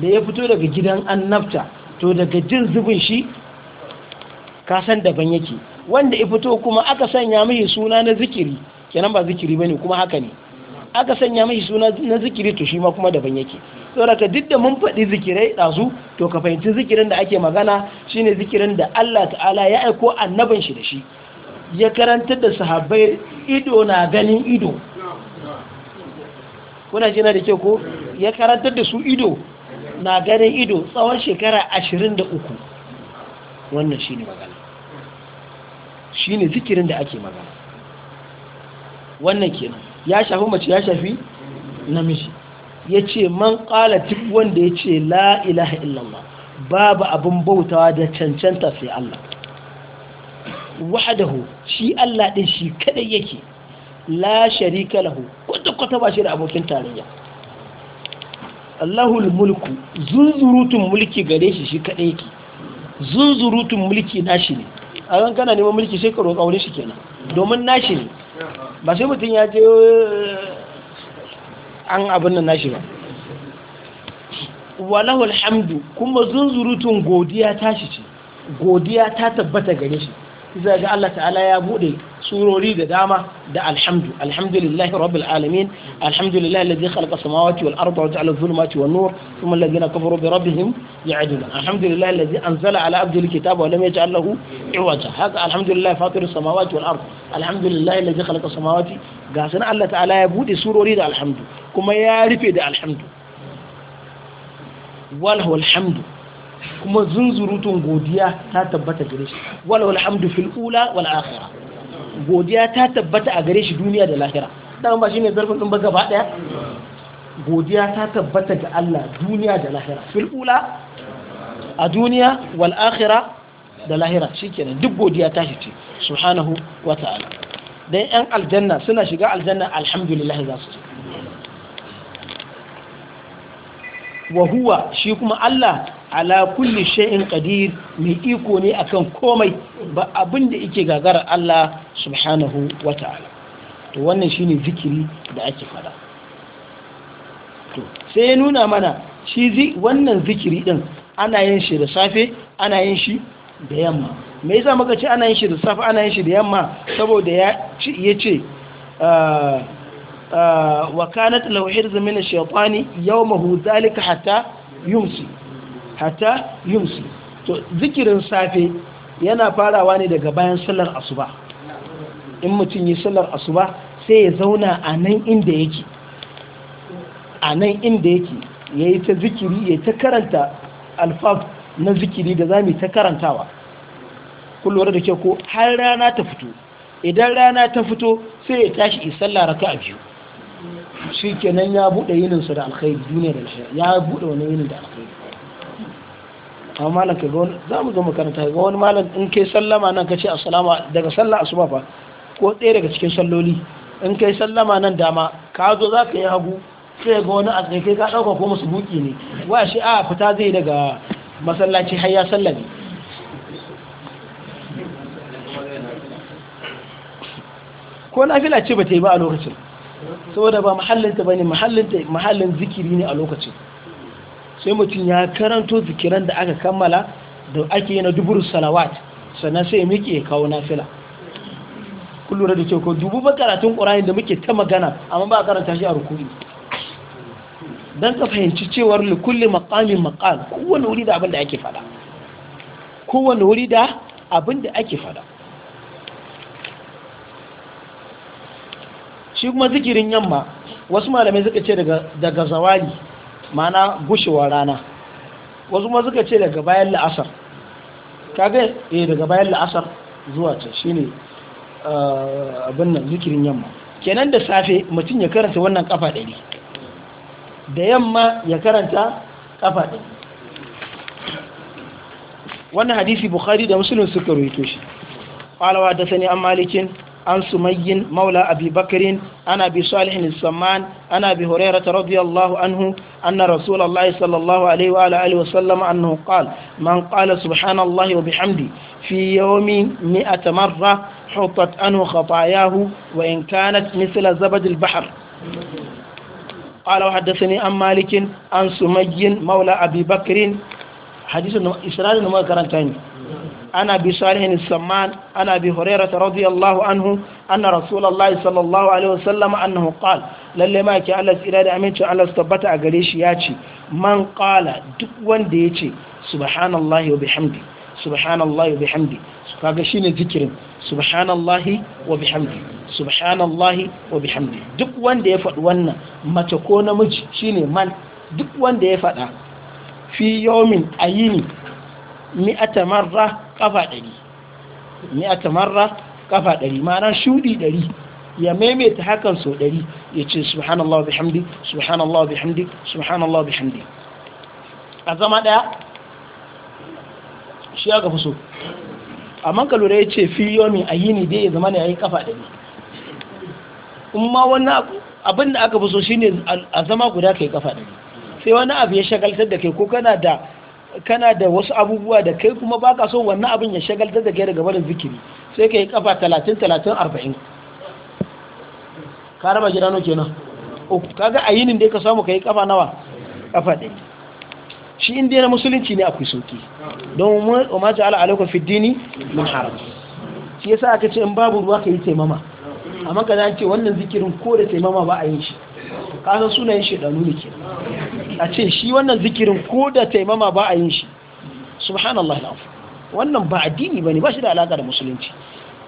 da ya fito daga gidan annabta to daga jin zubin shi ka san daban yake wanda ya fito kuma aka sanya mai suna na zikiri kenan ba zikiri bane kuma haka ne aka sanya mai suna na zikiri to shi ma kuma daban yake daga duk da mun faɗi zikirai ɗazu to ka fahimci zikirin da ake magana shine zikirin da Allah ta'ala ya aiko annabin shi da shi ya karantar da sahabbai ido na ganin ido kuna jina da ke ko ya karantar da su ido na ganin ido tsawon shekara ashirin da uku wannan shi ne magana shi ne zikirin da ake magana wannan kenan ya shafi mace ya shafi namiji ya ce man kala duk wanda ya ce la ilaha illallah babu abin bautawa da cancanta sai Allah wahadahu shi Allah ɗin shi kaɗai yake la sharika lahu kwata-kwata ba shi da abokin tarayya Allahul mulku zunzurutun mulki gare shi shi kaɗai yake zunzurutun mulki nashi ne a kan kana neman mulki sai ka roƙa wurin shi kenan domin nashi ne ba sai mutum ya je eh, an abin nan nashi ba walahul hamdu kuma zunzurutun godiya tashi ce godiya ta tabbata gare shi zai ga Allah ta'ala ya bude surori da dama da alhamdu alhamdulillahi rabbil alamin alhamdulillahi alladhi khalaqa samawati wal arda wa ja'ala dhulumati wan nur thumma alladhina kafaru bi rabbihim ya'dilun alhamdulillahi alladhi anzala ala abdihi alkitaba wa lam yaj'al lahu iwaja samawati wal arda alladhi khalaqa samawati ga Allah ta'ala ya bude surori da alhamdu kuma ya rufe da alhamdu walahu alhamdu kuma zunzurutun godiya ta tabbata gare shi walau alhamdu fil ula wal akhirah godiya ta tabbata a gare shi duniya da lahira dan ba ne zarfin din ba gaba daya godiya ta tabbata ga Allah duniya da lahira fil ula a duniya wal akhirah da lahira shikenan duk godiya ta shi ce subhanahu wa ta'ala dan yan aljanna suna shiga aljanna alhamdulillah za su wa huwa shi kuma Allah ala kulli shay'in qadir mai iko ne akan komai ba abin da yake gagara Allah subhanahu wata'ala to wannan shine zikiri da ake fada to sai ya nuna mana shi zi wannan zikiri din ana yin shi da safe ana yin shi da yamma me yasa muka ce ana yin shi da safe ana yin shi da yamma saboda ya ce ah, ah, wa kanat law hirzu min ash-shaytani yawmahu dhalika hatta yumsi hatta yumsi to zikirin safe yana farawa ne daga bayan sallar asuba in mutum yi sallar asuba sai ya zauna a nan inda yake a nan inda yake ya yi ta zikiri ya ta karanta alfaf na zikiri da za mu ta karantawa kullum da ke ko har rana ta fito idan rana ta fito sai ya tashi isalla raka a biyu shi kenan ya buɗe yininsa da alkhairi duniya da ya buɗe wani yinin da alkhairi amma malam ka za mu zo makaranta ga wani malam in kai sallama nan ka ce assalamu daga sallah asuba fa ko ɗaya daga cikin salloli in kai sallama nan dama ka zo za ka yi hagu sai ga wani a kai ka ɗauka ko musu buki ne wa shi a fita zai daga masallaci har ya sallame ko fila ce ba ta yi ba a lokacin saboda ba mahallinta ba ne mahallin zikiri ne a lokacin sai mutum ya karanto zikiran da aka kammala da ake yana na dubur salawat sannan sai ya miƙe ya kawo nafila kun lura da ko dubu karatun ƙura'in da muke ta magana amma ba a karanta shi a rukuni don ka fahimci cewar likulli maƙamin maƙam kowane wuri da abin da ake fada kowane wuri da abin da ake fada shi kuma zikirin yamma wasu malamai suka ce daga zawali mana gushewar rana wasu ma suka ce daga bayan la'asar kaga eh daga bayan la'asar zuwa ta shine eh, abin nan zikirin yamma kenan da safe mutum ya karanta wannan kafa ɗari da yamma ya karanta kafa ɗari wannan hadisi bukhari da muslim suka ruwaito shi qala wa da sani an malikin an sumayyin maula abubakarin ana bi salihin isamman ana bi horaira ta radiyallahu anhu anna rasulallah sallallahu alaihi wa alihi wasallam annahu qala man qala subhanallahi wa bihamdi fi yawmin mi'ata marra hutat an khatayahu wa in kanat mithla zabad albahr قال وحدثني عن an malikin سمي مولى maula بكر hadisin isra'il da muka karanta ne ana bi salihin samman ana bi hurairah radiyallahu anhu anna rasulullahi sallallahu alaihi wasallam annahu qala lallai ma yake Allah tsira da amincin Allah su tabbata a gare shi ya ci, man qala duk wanda ya ce subhanallahi wa bihamdi subhanallahi wa bihamdi kaga shine zikirin subhanallahi wa bihamdi subhanallahi wa bihamdi duk wanda ya faɗi wannan mace ko namiji shine man duk wanda ya faɗa fi yomin a yini mi'ata marra kafa ɗari mi'ata marra kafa ɗari ma'ana shuɗi ɗari ya maimaita hakan sau ɗari ya ce subhanallah bihamdi subhanallah bihamdi subhanallah bihamdi a zama ɗaya shi ya gafi so amma ka lura ya ce fi yomin a yini dai ya zama ne ya yi kafa ɗari in ma wani abin da aka fi so shine a zama guda ka yi kafa ɗari sai wani abu ya shagaltar da kai ko kana da kana da wasu abubuwa da kai kuma baka so wannan abin ya shagaltar da kai daga barin zikiri sai kai kafa 30 30 40 ka raba gidano no kenan uku kaga ayinin yinin da ka samu kai kafa nawa kafa ɗaya shi inda na musulunci ne akwai sauki don wa ma ta'ala alaikum fi dini min haram shi yasa aka ce in babu ruwa ka yi taimama amma ka ce wannan zikirin ko da taimama ba a yin shi kasan sunayen shaidanu ne ke a ce shi wannan zikirin ko da taimama ba a yin shi subhanallah afu wannan ba addini ba ne ba shi da alaƙa da musulunci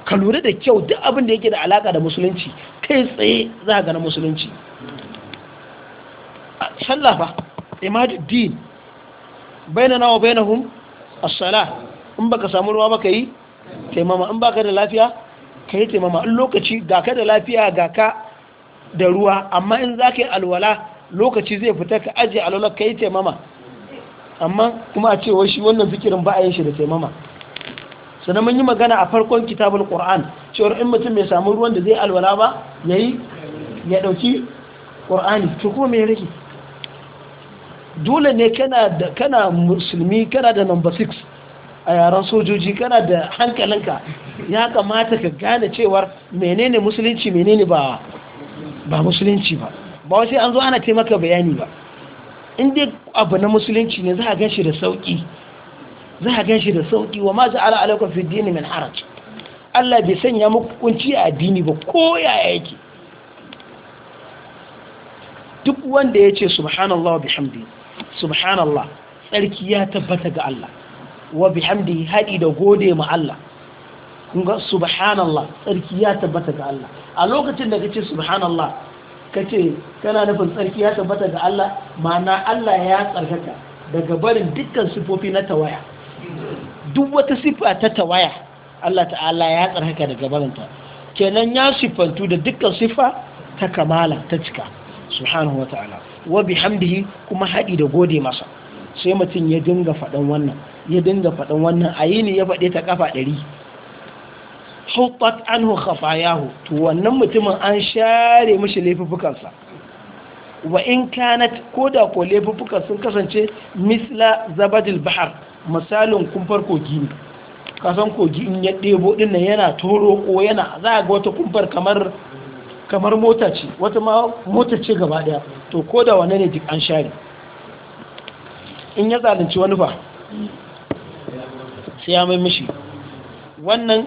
ka lura da kyau duk abin da yake da alaƙa da musulunci kai tsaye za ka na musulunci sallah ba imaduddin na nawa hum sala in baka samu ruwa baka yi taimama in baka da lafiya ka yi taimama in lokaci ga ka da lafiya ga ka da ruwa amma in za ka yi alwala lokaci zai fita ka ajiye alwala ka yi taimama amma kuma a cewa shi wannan zikirin ba a yin shi da taimama sannan mun yi magana a farkon kitabul qur'an cewar in mutum mai samu ruwan da zai alwala ba yayi ya dauki qur'ani to kuma me rage dole ne kana da kana musulmi kana da number 6 a yaran sojoji kana da hankalinka ya kamata ka gane cewar menene musulunci menene ba ba musulunci ba ba wasu an zo ana taimaka bayani ba in dai abu na musulunci ne za a gan shi da sauki za a gan shi da sauki wa ma ja'ala alaikum fi dini min haraj Allah bai sanya muku kunci a addini ba ko yaya yake duk wanda ya ce subhanallah wa bihamdi subhanallah tsarki ya tabbata ga Allah wa bihamdi haɗi da gode ma Allah kun subhanallah tsarki ya tabbata ga Allah a lokacin da kace subhanallah kace kana nufin tsarki ya tabbata ga Allah ma'ana Allah ya tsarkaka daga barin dukkan sifofi na tawaya duk wata sifa ta tawaya Allah ta'ala ya tsarkaka daga barinta kenan ya sifantu da dukkan sifa ta kamala ta cika subhanahu wata'ala wa bihamdihi kuma hadi da gode masa sai mutum ya dinga faɗan wannan ya dinga faɗan wannan a yini ya faɗe ta kafa ɗari hutat anhu khafayahu to wannan mutumin an share mishi laifuffukansa wa in kanat koda ko laifuffukan sun kasance misla zabadil bahar misalin kumfar kogi ne kasan kogi in ya ɗebo ɗin nan yana toro ko yana za ga wata kumfar kamar mota ce wata ma mota ce gaba ɗaya to koda wannan ne duk an share in ya zalunci wani fa sai ya mai mishi wannan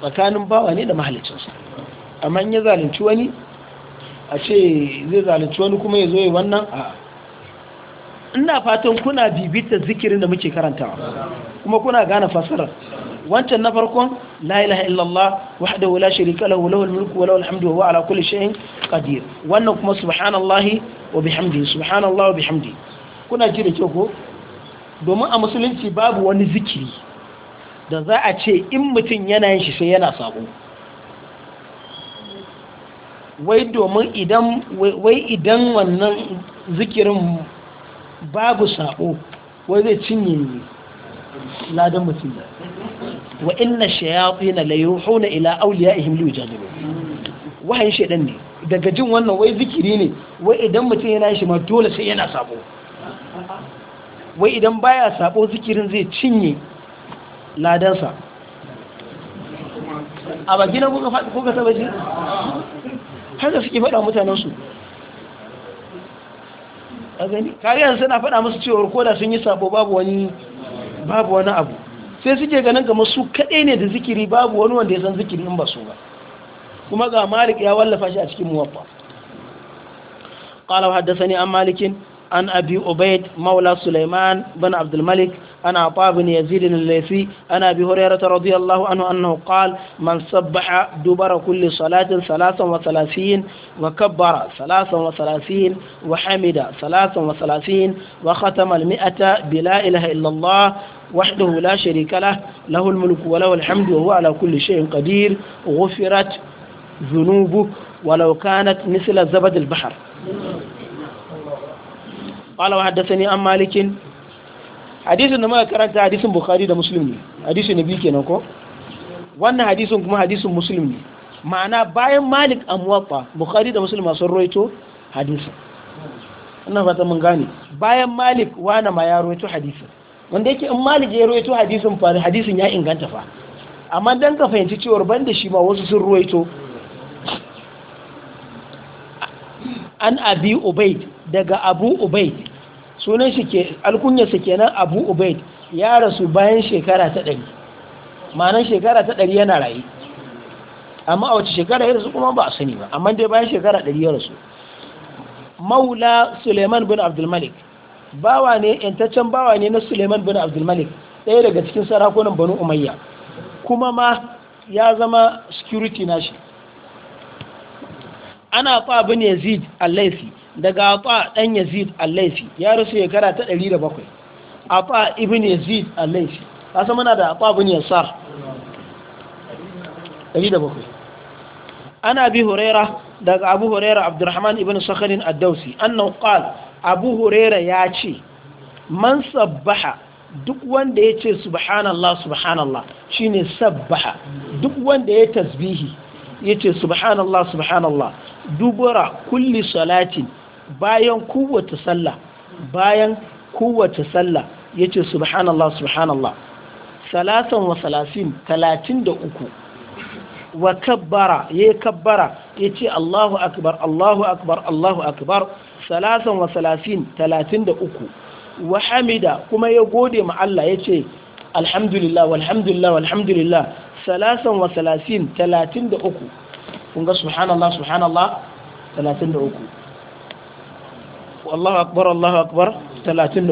tsakanin bawa ne da mahalicinsa amma in ya zalunci wani a ce zai zalunci wani kuma ya zoye yi wannan a ina fatan kuna bibita zikirin da muke karantawa kuma kuna gane fasarar wancan na farkon la ilaha illallah wahdahu la sharika lahu lahul mulku wa lahul hamdu wa huwa ala kulli shay'in qadir wannan kuma subhanallahi wa bihamdihi subhanallahi wa bihamdihi kuna ji da ko domin a musulunci babu wani zikiri da za a ce in mutum yana yin shi sai yana sabo wai domin idan wai idan wannan zikirin babu sabo wai zai cinye ne ladan mutum wa inna shayatin la yuhuna ila awliyaihim li yujadilu wahayin shedan ne daga jin wannan wai zikiri ne wai idan mutum yana shi ma dole sai yana sabo wai idan baya sabo zikirin zai cinye ladansa a baki na kuka taba ji haka suke faɗa mutanensu a gani kariyar suna faɗa musu cewar koda sun yi sabo babu wani babu wani abu sai suke ganin ga su kaɗai ne da zikiri babu wani wanda ya san zikiri in ba su ba kuma ga malik ya wallafa shi a cikin muwaffa قال وحدثني عن مالك عن أبي أبيد مولى سليمان بن عبد الملك أنا عطاء بن يزيد الليثي أنا أبي هريرة رضي الله عنه أنه قال من سبح دبر كل صلاة ثلاثا وثلاثين وكبر ثلاثا وثلاثين وحمد ثلاثا وثلاثين وختم المئة بلا إله إلا الله وحده لا شريك له له الملك وله الحمد وهو على كل شيء قدير غفرت ذنوبك ولو كانت مثل زبد البحر قال وحدثني عن مالك hadisin da muka karanta hadisin bukhari da muslim ne hadisi na biyu kenan ko wannan hadisin kuma hadisin muslim ne ma'ana bayan malik a muwaffa bukhari da muslim sun roito hadisin ina ta mun gane bayan malik wana ma ya roito hadisin wanda yake in malik ya roito hadisin fa hadisin ya inganta fa amma dan ka fahimci cewar da shi ma wasu sun roito an abi ubaid daga abu ubaid sunan shi ke alkunyarsa kenan abu ubaid ya rasu bayan shekara ta ɗari ma'anar shekara ta ɗari yana rayu amma a wace shekara ya rasu kuma ba a sani ba amma dai bayan shekara ɗari ya rasu maula suleiman bin abdulmalik bawa ne yantaccen bawa ne na suleiman bin abdulmalik ɗaya daga cikin sarakunan banu umayya kuma ma ya zama security shi. ana fa bin yazid al-laisi daga ata dan yazid al-laifi ya rasu shekara ta 107 ata ibn yazid al-laifi kasa muna da ata ibn yasar 107 ana bi huraira daga abu huraira abdurrahman ibn sakharin ad-dawsi annahu qala abu huraira yace man sabbaha duk wanda yace ce subhanallah subhanallah shine sabbaha duk wanda ya tasbihi yace ce subhanallah subhanallah dubura kulli salatin bayan kowace sallah bayan kowace sallah yace subhanallah subhanallah salatan wa salasin talatin da uku wa kabbara ya kabbara ya ce Allahu akbar Allahu akbar Allahu akbar salasan wa salasin talatin da uku wa hamida kuma ya gode ma Allah ya ce alhamdulillah walhamdulillah walhamdulillah salasan wa salasin talatin da uku kun ga subhanallah subhanallah talatin da uku wallahu akbar Allahu akbar 33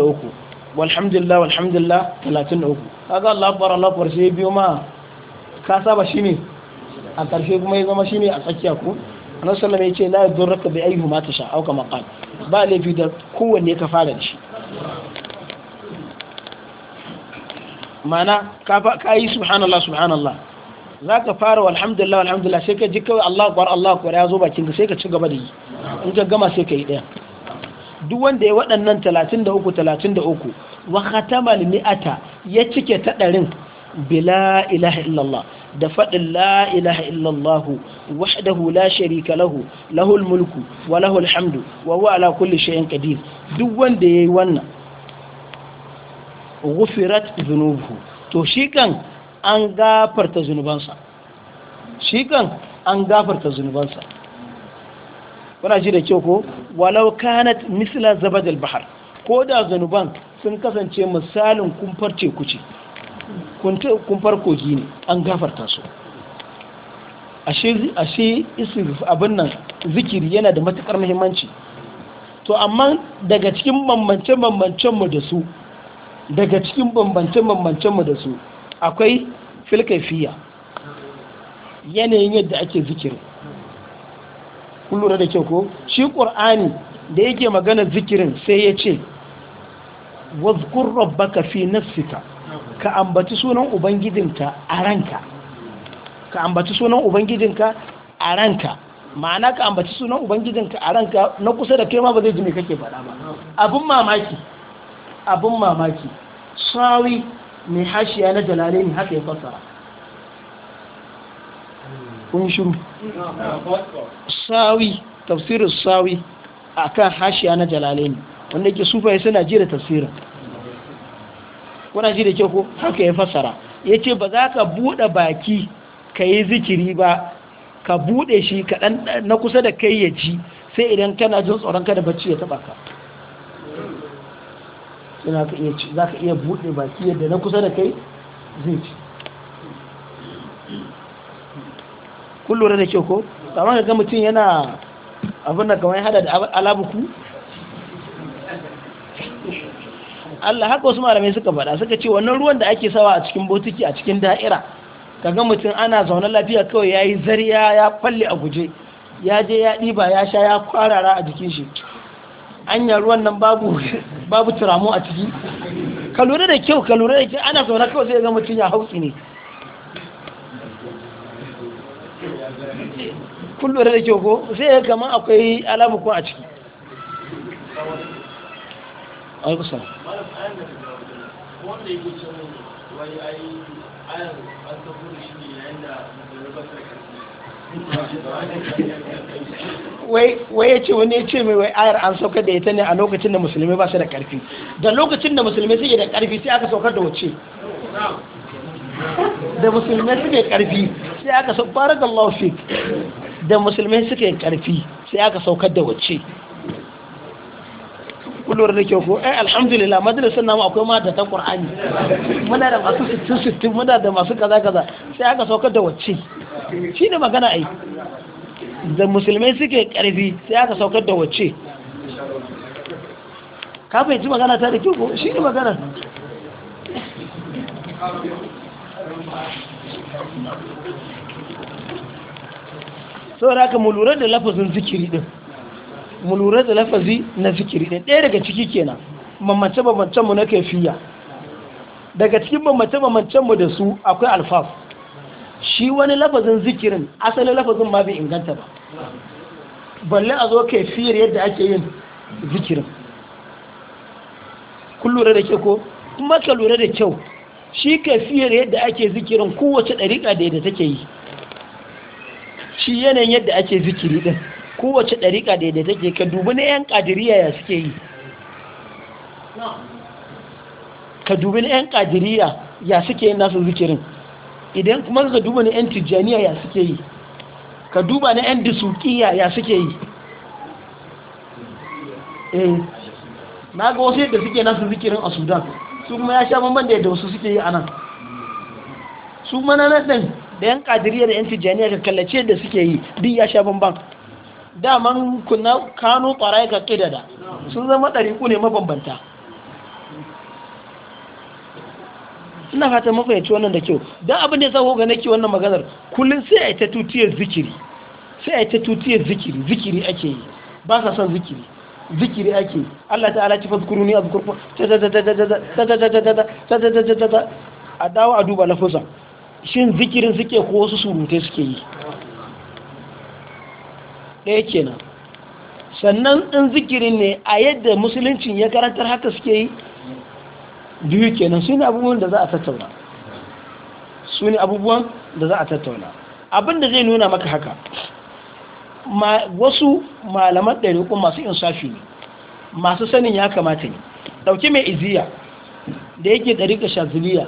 walhamdulillah walhamdulillah 33 kaga Allahu akbar Allahu akbar sai biyo ma ka saba shine a karshe kuma ya zama shine a tsakiya ku annabi sallallahu alaihi wasallam yace la yadurruka bi ayyi ma tasha au kama qala ba laifi da kowanne ka fara da shi mana ka yi subhanallah subhanallah za ka fara walhamdulillah walhamdulillah sai ka ji kawai Allah akbar Allah akbar ya zo bakin ka sai ka ci gaba da yi in ka gama sai ka yi ɗaya duk wanda ya waɗannan 33 33 wa khatamal mi'ata ya cike ta ɗarin bila ilaha illallah da faɗin la ilaha illallah wahdahu la sharika lahu lahul mulku wa lahul hamdu wa huwa ala kulli shay'in qadir duk wanda yayi wannan ghufirat dhunubuhu to shi kan an gafarta zunubansa shi kan an gafarta zunubansa kuna ji da kyau ko walau kanat misla zabadal bahar ko da zanuban sun kasance misalin kumfar teku ce kumfar kogi ne an gafarta su ashe abin nan zikiri yana da matukar muhimmanci to amma daga cikin bambance-bambancen mu da su daga cikin bambance-bambancen mu da su akwai filkafiya yanayin yadda ake zikirin kun lura da kyau ko shi qur'ani da yake magana zikirin sai ya ce wazkur rabbaka fi nafsika ka ambaci sunan ubangijinka a ranka ka ambaci sunan ubangijinka a ranka ma'ana ka ambaci sunan ubangijinka a ranka na kusa da kai ma ba zai ji me kake faɗa ba abin mamaki abun mamaki sawi mai hashiya na ne haka ya fassara kun shiru sawi tafsirin sawi a kan hashiya na jalalaini wanda yake sufaye suna ji da tafsirin kuna ji da ke haka ya fasara ya ce ba za ka buɗe baki ka yi zikiri ba ka buɗe shi kaɗan na kusa da kai ya ji sai idan kana jin tsoron da bacci ya taɓa ka za ka iya buɗe baki yadda na kusa da kai zai ci kun da ke ko kamar ga mutum yana abin da kamar hada da alabuku Allah haka wasu malamai suka faɗa suka ce wannan ruwan da ake sawa a cikin botiki a cikin da'ira kaga mutum ana zaune lafiya kawai ya yi zariya ya falle a guje ya je ya ɗiba ya sha ya kwarara a jikin shi anya ruwan nan babu babu turamu a ciki ka lura da kyau ka lura da kyau ana zaune kawai sai ga mutum ya hautsi ne kullum da kyau ko sai ya kama akwai alamu ko a ciki wai ya ce wani ya ce mai wai ayar an saukar da ita ne a lokacin da musulmi ba su da karfi da lokacin da musulmi su da karfi sai aka saukar da wace da musulmi su da karfi sai aka saukar da Allah da musulmai suka yi karfi sai aka saukar da wacce kullum da ke ko eh alhamdulillah madrasar namu akwai ma da ta qur'ani muna da masu 60 60 muna da masu kaza kaza sai aka saukar da wacce shi ne magana ai da musulmai suke karfi sai aka saukar da wacce ka fahimci magana ta da ke ko shi ne magana saboda aka, mu lura da lafazin zikiri din mu lura da lafazi na zikiri din ɗaya daga ciki kenan mamance bambancen mu na kaifiya daga cikin mamance bambancen mu da su akwai alfaf shi wani lafazin zikirin asalin lafazin ma bai inganta ba balle a zo kaifiyar yadda ake yin zikirin kun lura da ke ko kuma ka lura da kyau shi kaifiyar yadda ake zikirin kowace ɗariƙa da yadda take yi shi yanayin yadda ake zikiri din kowace ɗariƙa yadda take ka dubi na 'yan ƙadiriya ya suke yi ka dubi na 'yan ƙadiriya ya suke yin nasu zikirin idan kuma ka duba na 'yan tijjaniya ya suke yi ka duba na 'yan disukiya ya suke yi eh na ga wasu yadda suke nasu zikirin a sudan su kuma ya sha bamban da yadda wasu suke yi a nan su mana nan da yan kadiriya da yan tijjaniya ka kallace da suke yi duk ya sha bambam. daman kuna kano kwarai ka kidada sun zama ɗariku ne mabambanta ina fata mafayaci wannan da kyau don abin da ya sako ga nake wannan maganar kullum sai a yi ta tutiyar zikiri sai a yi ta tutiyar zikiri zikiri ake yi ba sa son zikiri zikiri ake yi Allah ta'ala ci fazkuru ni azkurku a dawo a duba ta shin zikirin suke ko wasu surutai suke yi ɗaya kenan sannan in zikirin ne a yadda musuluncin ya karantar haka suke yi biyu kenan su ne abubuwan da za a tattauna su ne abubuwan da za a tattauna abinda zai nuna maka haka wasu malaman hukun masu insafi ne masu sanin ya kamata ne ɗauki mai iziya da yake ga shaziliya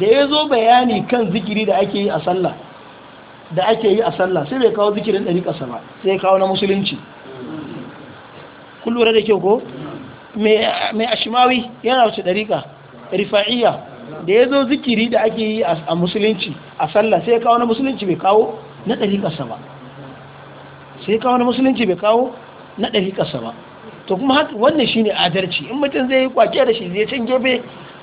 da ya zo bayani kan zikiri da ake yi a sallah da ake yi a sallah sai bai kawo zikirin ɗari ƙasa ba sai kawo na musulunci kun da kyau ko mai ashimawi yana wace ɗariƙa rifa'iyya da ya zo zikiri da ake yi a musulunci a sallah sai kawo na musulunci bai kawo na ɗari ƙasa ba sai kawo na musulunci bai kawo na ɗari ƙasa ba to kuma wannan shine adalci in mutum zai yi kwake da shi zai can gefe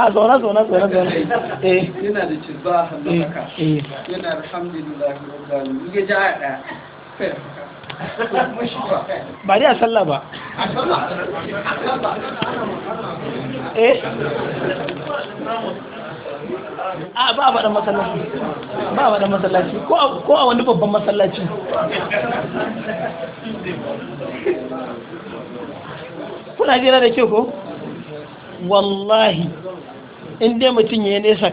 Ah, a zaune zaune zaune zaune eh yana da cizba a hannun eh, eh. ya sallah ba eh ah, ba a faɗin masallaci masallaci ko a wani babban masallaci kuna jira da ke ko wallahi in dai mutum ya nesa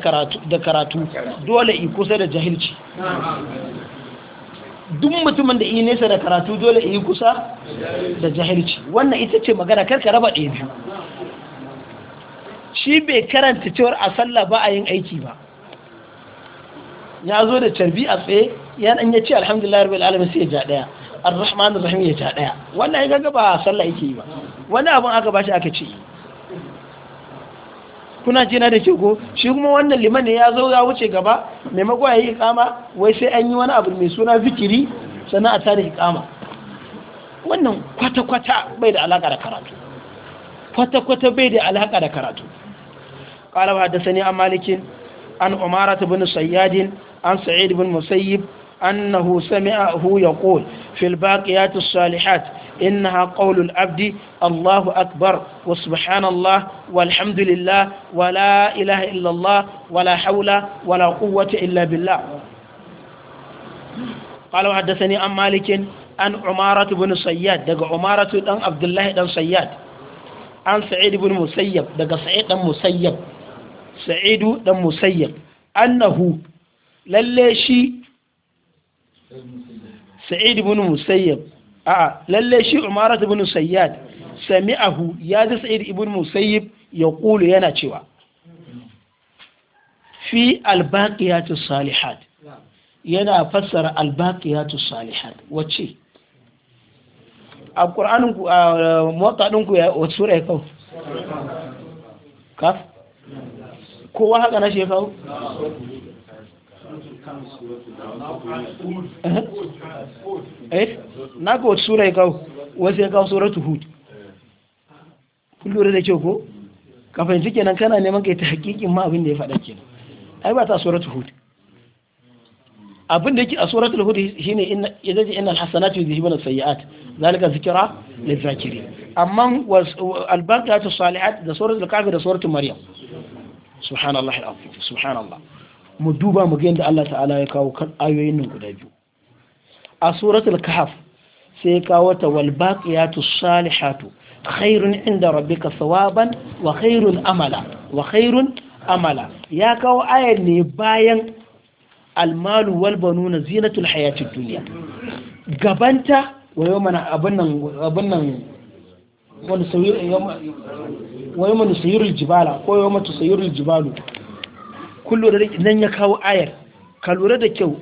da karatu dole yi kusa da jahilci duk mutumin da yi nesa da karatu dole yi kusa da jahilci wannan ita ce magana karka raba ɗaya biyu shi bai karanta cewar a sallah ba a yin aiki ba ya zo da carbi a tsaye ya dan ya ce alhamdulillah rabbil alamin sai ya ja daya ar-rahman ar-rahim ya ja daya wannan ya ga ba sallah yake yi ba wani abun aka bashi aka ce kuna ce na da ke ko shi kuma wannan liman ne ya zo ya wuce gaba mai maimakon yi ikama wai sai an yi wani abu mai suna zikiri sannan a tada ikama wannan kwata-kwata bai da alaka da karatu kwata-kwata bai da alaka da karatu قال وحدثني عن an عن عمارة بن an عن sami a مسيب أنه سمعه يقول ya ta الصالحات إنها قول العبد الله أكبر وسبحان الله والحمد لله ولا إله إلا الله ولا حول ولا قوة إلا بالله قال وحدثني عن مالك عن عمارة بن صياد دق عمارة بن عبد الله بن صياد عن سعيد بن مسيب دق سعيد بن مسيب سعيد بن مسيب أنه للشي سعيد بن مسيب a'a lalle shi umarat ibn sayyad sami'ahu ya ji sa'id ibn musayyib ya kulu yana cewa fi albaqiyatu salihat yana fassara albaqiyatu salihat wacce a qur'anin ku mota din ku ya sura ya kawo kaf kowa haka na shekau eh na ga wata sura ya kawo wasu ya kawo suratu hud kun lura da kyau ko kafin shi kenan kana neman kai ta hakikin ma abin da ya faɗa kenan ai ba ta suratu hud abin da yake a suratul hud shine inna idza inna alhasanatu yuzhibun as-sayyi'at zalika zikra lizakirin amma albaqiyatu salihat da suratul kafir da suratul maryam subhanallahi alazim subhanallah mu duba mu ga yadda Allah ta'ala ya kawo kan ayoyin nan guda biyu a suratul kahf sai ya kawo ta wal baqiyatu salihatu khairun inda rabbika sawaban wa khairun amala wa khairun amala ya kawo ayar ne bayan almalu wal banuna zinatul hayatid dunya gabanta wa nan abun nan wani sayyir yawma wa yawma jibala ko yawma tusayyirul jibalu kullu da nan ya kawo ayar ka lura da kyau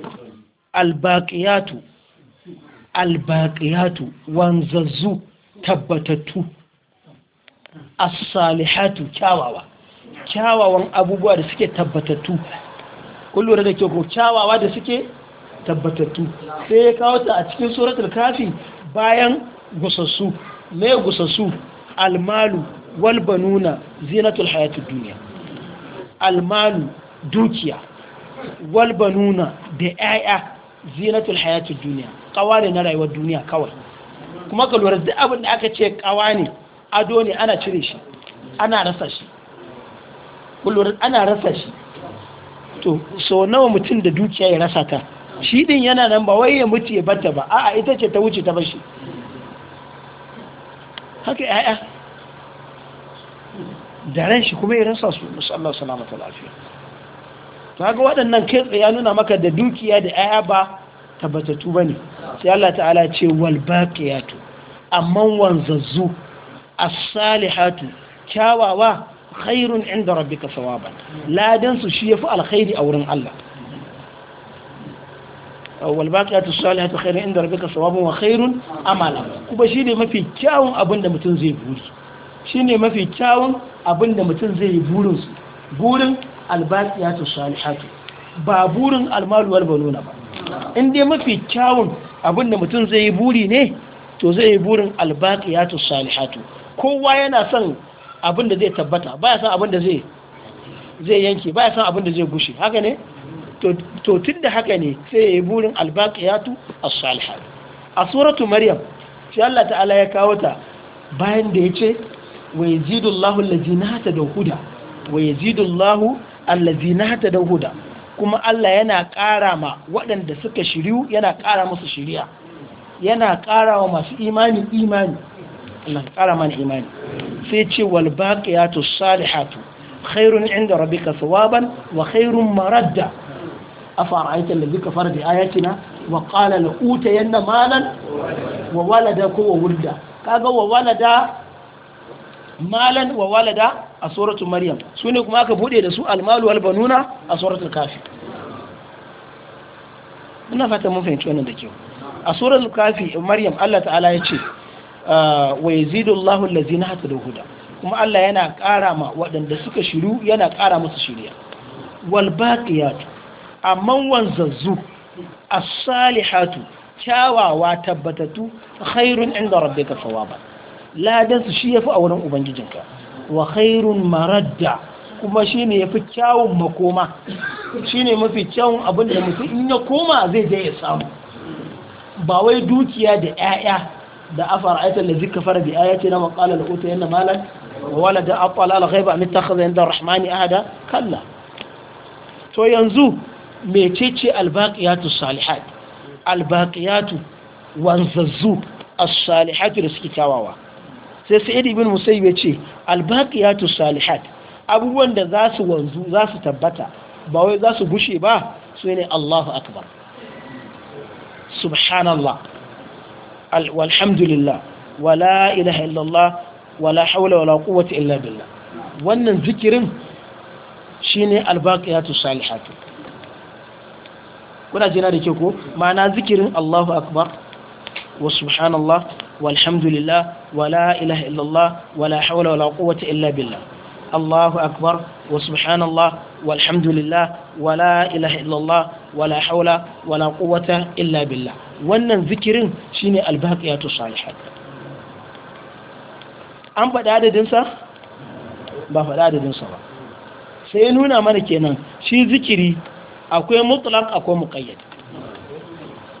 albaqiyatu albaqiyatu wanzazzu tabbatattu as-salihatu kyawawa kyawawan abubuwa da suke tabbatattu kullu da kyau ko kyawawa da suke tabbatatu. sai ya kawo ta a cikin suratul kafi bayan gusassu mai gusassu almalu wal banuna zinatul hayatid dunya almalu dukiya walba nuna da 'ya'ya zinatul hayatul duniya kawane na rayuwar duniya kawai kuma ka lura duk abin da aka ce kawane ado ne ana cire shi ana rasa shi kullum ana rasa shi to so nawa mutum da dukiya ya rasa ta shi din yana nan ba wai ya mutu ya bata ba a'a ita ce ta wuce ta bashi haka ya'ya da ran shi kuma ya rasa su musallar salamata lafiya to haka waɗannan kai tsaye ya nuna maka da dukiya da aya ba tabbatattu ba ne sai Allah ta'ala ce wal baqiyatu amma wanzazzu as-salihatu kyawawa khairun inda rabbika sawaban ladan su shi yafi alkhairi a wurin Allah wal baqiyatu as-salihatu khairun inda rabbika sawaban wa khairun amala kuma shi ne mafi kyawun abin da mutum zai buri shi ne mafi kyawun abin da mutum zai yi burinsu burin albaqiyatu salihatu ba burin almalu wal banuna ba in dai mafi kyawun abinda mutum zai yi buri ne to zai yi burin albaqiyatu salihatu kowa yana son abinda zai tabbata baya son abinda zai zai yanke baya son abinda zai gushe haka ne to tun da haka ne sai ya yi burin albaqiyatu as-salihatu a suratu maryam sai Allah ta'ala ya kawo ta bayan da ya ce wa yazidullahu allazina hata da huda wa yazidullahu allazi na hata da huda kuma Allah yana ƙara ma waɗanda suka shiryu yana ƙara musu shirya yana ƙara wa masu imani imani Allah ƙara mana imani sai ce wal baqiyatu salihatu khairun inda rabbika thawaban wa khairun maradda afara'aita allazi kafara bi ayatina wa qala la utayanna malan wa walada ko wa wulda kaga wa walada malan wa walada a suratul maryam su ne kuma aka bude da su almalu wal banuna a suratul kafi ina fata mun fahimci wannan da kyau a suratul kafi maryam Allah ta'ala ya ce ah, wa yazidullahu hata hatadu huda kuma Allah yana ƙara ma waɗanda suka shiru yana ƙara musu shirya wal baqiyat amma wanzazzu as-salihatu kyawawa tabbatatu khairun inda rabbika sawaba ladansu shi ya fi a wurin ubangijinka wa khairun maradda kuma shi ne ya fi kyawun makoma shi ne mafi kyawun abin da mutum in ya koma zai je ya samu ba wai dukiya da 'ya'ya da afar aitar da zika fara bi ce na makala da uta yana malar wala da akwala ba a mitakhazin yadda rahmani ahada kalla to yanzu mecece albaqiyatu salihat albaqiyatu wanzazzu as-salihatu da suke kyawawa sai sa'id ibn musayyib ya ce albaqiyatu salihat abubuwan da za su wanzu za su tabbata ba wai za su gushe ba su ne Allahu akbar subhanallah walhamdulillah wala ilaha illallah wala haula wala quwwata illa billah wannan zikirin shine albaqiyatu salihat kuna jina da ke ko ma'ana zikirin Allahu akbar wa subhanallah والحمد لله ولا إله إلا الله ولا حول ولا قوة إلا بالله الله أكبر وسبحان الله والحمد لله ولا إله إلا الله ولا حول ولا قوة إلا بالله wannan zikirin shine albaqiyatu salihat an faɗa adadinsa ba faɗa adadinsa ba sai ya nuna mana kenan shi zikiri akwai mutlaq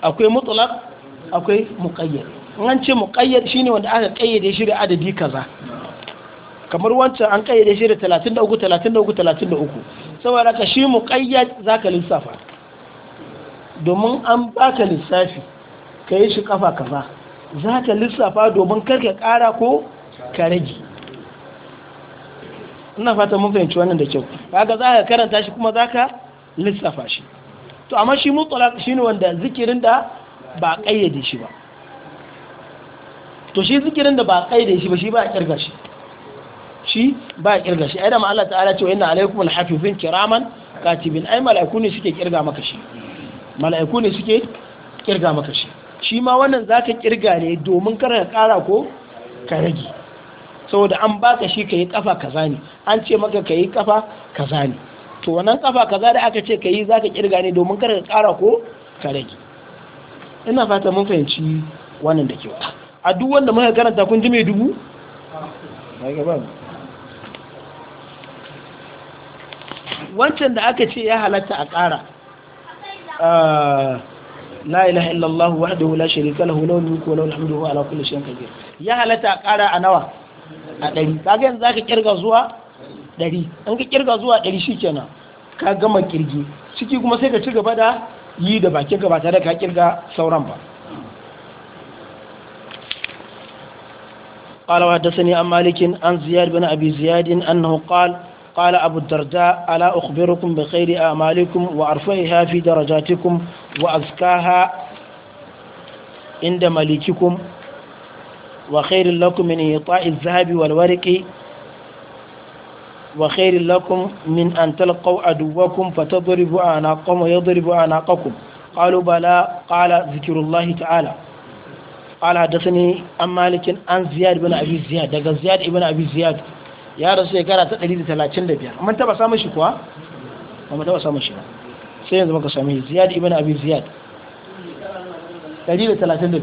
akwai muqayyad an ce shi shine wanda aka ƙayyade shi da adadi kaza kamar wancan an ƙayyade shi da 33 33 33 saboda ka shi za zaka lissafa domin an baka lissafi ka yi shi kafa kaza za ka lissafa domin kar ka kara ko ka rage ina fata mun fahimci wannan da kyau kaga za ka karanta shi kuma za ka lissafa shi to amma shi mutlaq shine wanda zikirin da ba kayyade shi ba to shi zikirin da ba kai da shi ba shi ba a kirga shi shi ba a kirga shi ai da Allah ta'ala ce wa inna alaikum alhafizin kiraman katibin ai mala'iku ne suke kirga maka shi mala'iku ne suke kirga maka shi shi ma wannan zaka kirga ne domin kar ka kara ko ka rage saboda an baka shi kai kafa kaza ne an ce maka kai kafa kaza ne to wannan kafa kaza da aka ce kai zaka kirga ne domin kar ka kara ko ka rage ina fata mun fahimci wannan da kyau a duk wanda maka karanta kun ji mai dubu wancan da aka ce ya halatta a ƙara ah, la ilaha illallah wahdahu la sharika lahu lahu mulku wa lahu alhamdu wa ala kulli shay'in qadir ya halatta a ƙara a nawa a ɗari kaga yanzu zaka kirga zuwa ɗari an ka kirga zuwa ɗari shikenan ka gama kirgi ciki kuma sai ka ci gaba da yi da bakin ka ba tare da ka kirga sauran ba قال وحدثني عن مالك عن زياد بن أبي زياد أنه قال قال أبو الدرداء ألا أخبركم بخير أعمالكم وأرفعها في درجاتكم وأزكاها عند مليككم وخير لكم من إيطاء الذهب والورق وخير لكم من أن تلقوا عدوكم فتضربوا أعناقهم ويضربوا أعناقكم قالوا بلى قال ذكر الله تعالى قال حدثني عن مالك عن زياد بن ابي زياد daga زياد ابن ابي زياد ya rasu ya gara ta 135 mun taba samun shi kuwa ba mu taba samun shi ba sai yanzu muka sami ziyad ibn abi ziyad 135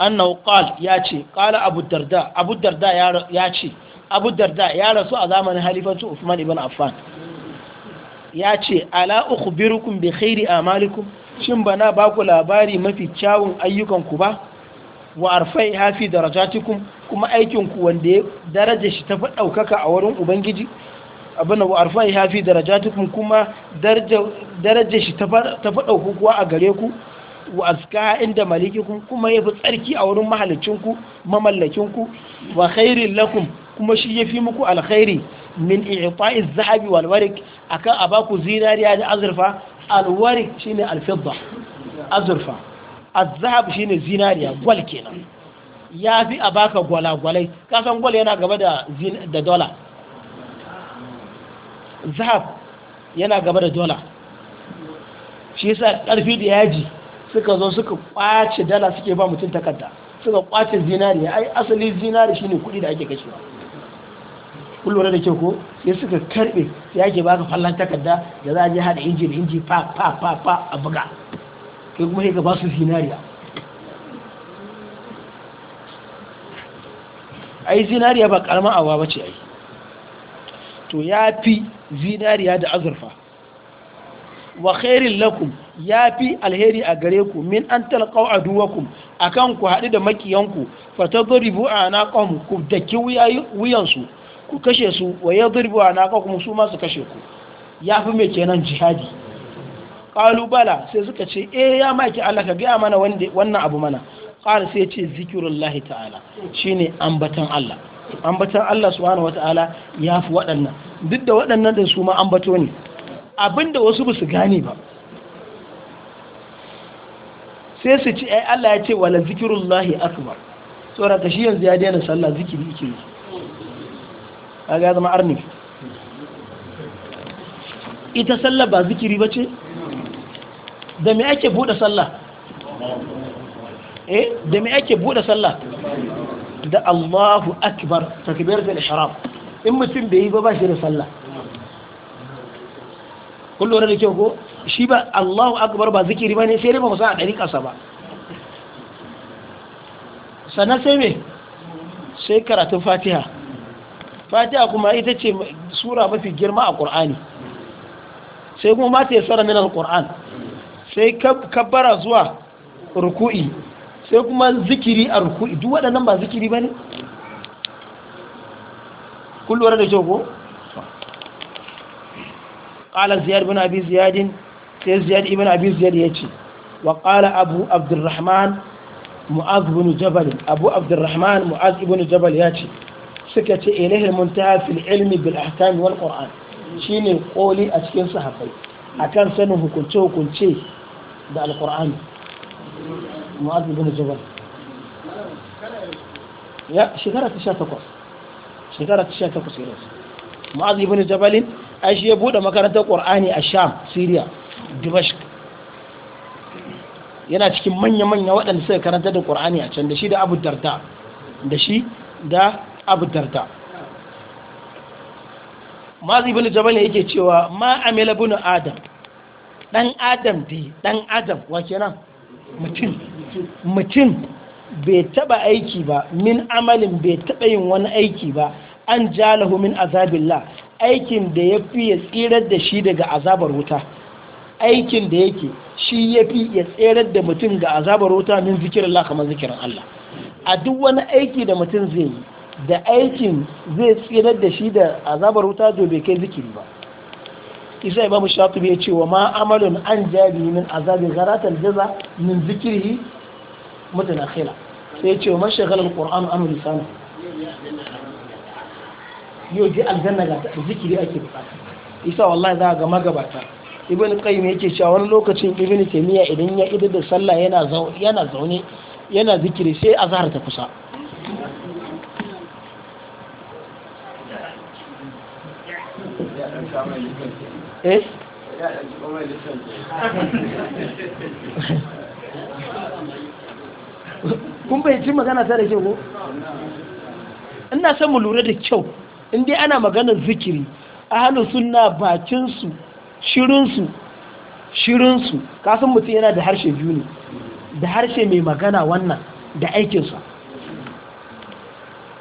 annahu qal ya ce qala abu darda abu darda ya ce abu darda ya rasu a zamanin halifatu usman ibn affan ya ce ala ukhbirukum bi khairi amalikum shin bana ba ku labari mafi kyawun ayyukanku ba wa arfai hafi darajatikum kuma aikinku wanda ya daraja shi ta fi ɗaukaka a wurin ubangiji abin wa arfai hafi darajatikum kuma daraja shi ta fi a gare ku wa inda malikikum kuma ya fi tsarki a wurin mahalicinku mamallakinku wa khairin lakum kuma shi ya fi muku alkhairi min i'ta'iz zahabi wal warik akan baku zinariya da azurfa alwarik ne alfidda azurfa shi shine zinariya gwal kenan ya fi a baka gwalagwalai kasan gwal yana gaba da da dola zahab yana gaba da dola shi yasa karfi da yaji suka zo suka kwace dala suke ba mutum takarda suka kwace zinariya ai asali zinari shine kuɗi da ake kashewa kullum da ke ko sai suka karbe sai yake baka fallon takarda da za a je hada inji inji fa fa fa fa a buga kai kuma sai ka ba su zinariya ai zinariya ba karamin awa ba ce ai to ya fi zinariya da azurfa wa khairin lakum ya fi alheri a gare ku min an talqaw aduwakum akan ku haɗu da makiyanku fa tadribu na qawm ku daki wuyansu ku kashe su wa ya zurbi wa naƙa kuma su masu kashe ku ya fi mai kenan jihadi ƙalubala sai suka ce e ya maki Allah ka gaya mana wannan abu mana ƙara sai ce zikirullahi ta'ala Shi ne ambatan Allah ambatan Allah su subhanahu wata'ala ya fi waɗannan duk da waɗannan da su ma ambato ne abinda wasu ba su gane ba sai su ci ai Allah ya ce wala zikirullahi akbar tsoron ta shi yanzu ya daina sallah zikiri ikiri kaga ya zama arnif ita sallah ba zikiri ba ce da me ake buɗe sallah eh da me ake buɗe sallah da Allahu akbar takbir da ihram in mutum bai yi ba ba shi da sallah kullu lura da kyau ko shi ba Allahu akbar ba zikiri ba ne sai dai ba musa a ɗari ƙasa ba sannan sai me sai karatun fatiha fatiha kuma ita ce sura mafi girma a ƙur'ani sai kuma mata ya tsara minar ƙur'an sai kabbara zuwa ruku'i sai kuma zikiri a ruku'i duk waɗannan ba zikiri ba ne kullum da kyau ko? ƙala ziyar bin abin ziyadin sai ziyar ibin abin ziyar ya ce wa ƙala abu abdurrahman mu'az ibn jabal abu abdurrahman mu'az ibn jabal ya ce suka ce ilahil muntaha fil ilmi bil ahkam wal qur'an shine koli a cikin sahabbai akan sanin hukunce hukunce da alqur'ani mu'adh bin jabal ya shekara ta 18 shekara ta 18 ne mu'adh bin jabal ai ya bude makarantar qur'ani a sham syria dimashq yana cikin manya-manya waɗanda suka karanta da ƙur'ani a can da shi da abu darda da shi da abu mazi bin jabal ne yake cewa ma amila bin adam dan adam dai dan adam wa kenan mutum mutum bai taba aiki ba min amalin bai taba yin wani aiki ba an jalahu min azabillah aikin da ya fi ya tsirar da shi daga azabar wuta aikin da yake shi ya fi ya tsirar da mutum ga azabar wuta min zikirin Allah kamar zikirin Allah a duk wani aiki da mutum zai yi da aikin zai tsirar da shi da azabar wuta dobe bai kai zikiri ba isa imam shatibi ya ce wa ma amalin an jabi min azabi gharatan jaza min mutuna khila sai ya ce wa mashaghala ƙoran an lisanu yau ji aljanna ga zikiri ake bukata isa wallahi za a ga magabata ibn qayyim yake cewa wani lokacin ibn taymiya idan ya idar da sallah yana zaune yana zikiri sai azhar ta kusa kun eh? kun fahimci magana ta da ke ko ina son mu lura da kyau in dai ana maganar zikiri a hannun suna bakinsu shirinsu shirinsu kasan mutum yana da harshe biyu ne da harshe mai magana wannan da aikinsa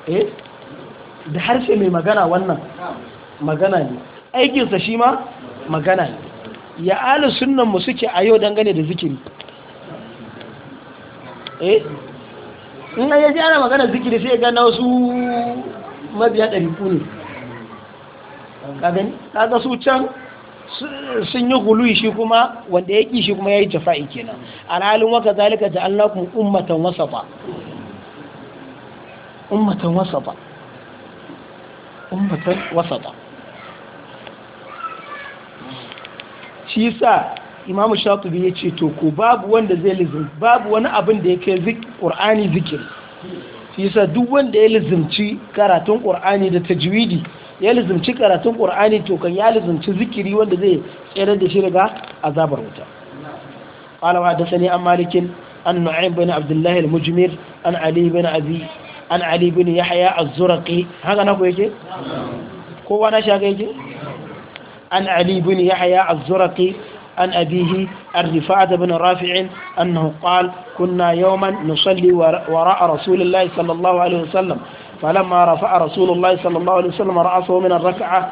eh da harshe mai magana wannan magana ne aikinsa shi ma magana ne ya ala sunan mu suke a yau dangane da zikiri eh ina ya ji ana magana zikiri sai ga na wasu mabiya ɗari ne kagani ga su can sun yi guluyi shi kuma wanda ya ƙi shi kuma ya yi jafa'i kenan alhalin waka zalika ji Allah kuma ummatan ba. ummatan ba. ummatan ba. shi yasa imamu shatubi ya ce to ko babu wanda zai lizim babu wani abin da yake zik qur'ani zikir shi yasa duk wanda ya lizimci karatun qur'ani da tajwidi ya lizimci karatun qur'ani to kan ya lizimci zikiri wanda zai tsere da shi daga azabar wuta qala wa hadathani an malikin an nu'aym bin abdullah al-mujmir an ali bin abi an ali bin yahya az-zurqi haka na ko yake kowa na shi yake عن علي بن يحيى الزرقي عن أبيه الرفاعة بن رافع أنه قال كنا يوما نصلي وراء رسول الله صلى الله عليه وسلم فلما رفع رسول الله صلى الله عليه وسلم رأسه من الركعة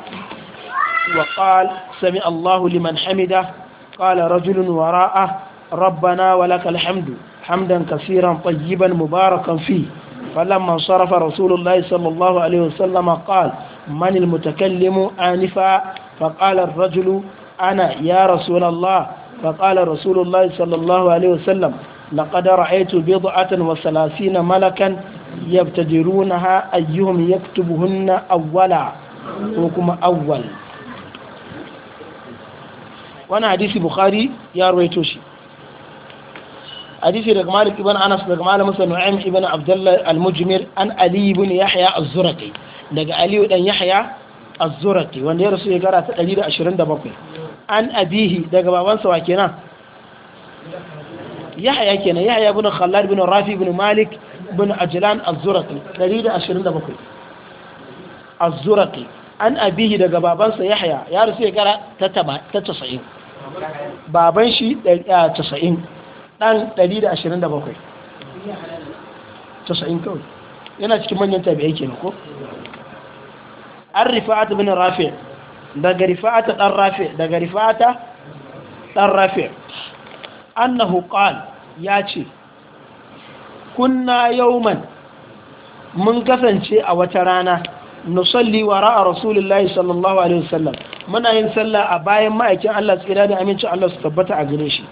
وقال سمع الله لمن حمده قال رجل وراءه ربنا ولك الحمد حمدا كثيرا طيبا مباركا فيه فلما انصرف رسول الله صلى الله عليه وسلم قال من المتكلم آنفا فقال الرجل أنا يا رسول الله فقال رسول الله صلى الله عليه وسلم لقد رأيت بضعة وثلاثين ملكا يبتدرونها أيهم يكتبهن أولا وكما أول وانا حديث بخاري يا رويتوشي حديث رقم مالك ابن أنس رقم مالك مثل نعيم ابن عبد الله المجمر عن علي بن يحيى الزرقي لقى علي بن يحيى az-zurqi wanda ya rasu shekara ta 127 an abihi daga babansa wa kenan yahya kenan yahya ibn khallad ibn rafi ibn malik ibn ajlan az-zurqi 127 az-zurqi an abihi daga babansa yahya ya rasu shekara ta 90 baban shi 90 dan 127 90 kawai yana cikin manyan tabi'ai kenan ko an rifa'ata bin rafi daga rifa'ata dan rafi daga rifa'ata dan rafi annahu ya ce kunna yauman mun kasance a wata rana nusalli wara a rasulullahi sallallahu alaihi wasallam muna yin sallah a bayan ma'aikin Allah tsira da amincin Allah su tabbata a gare shi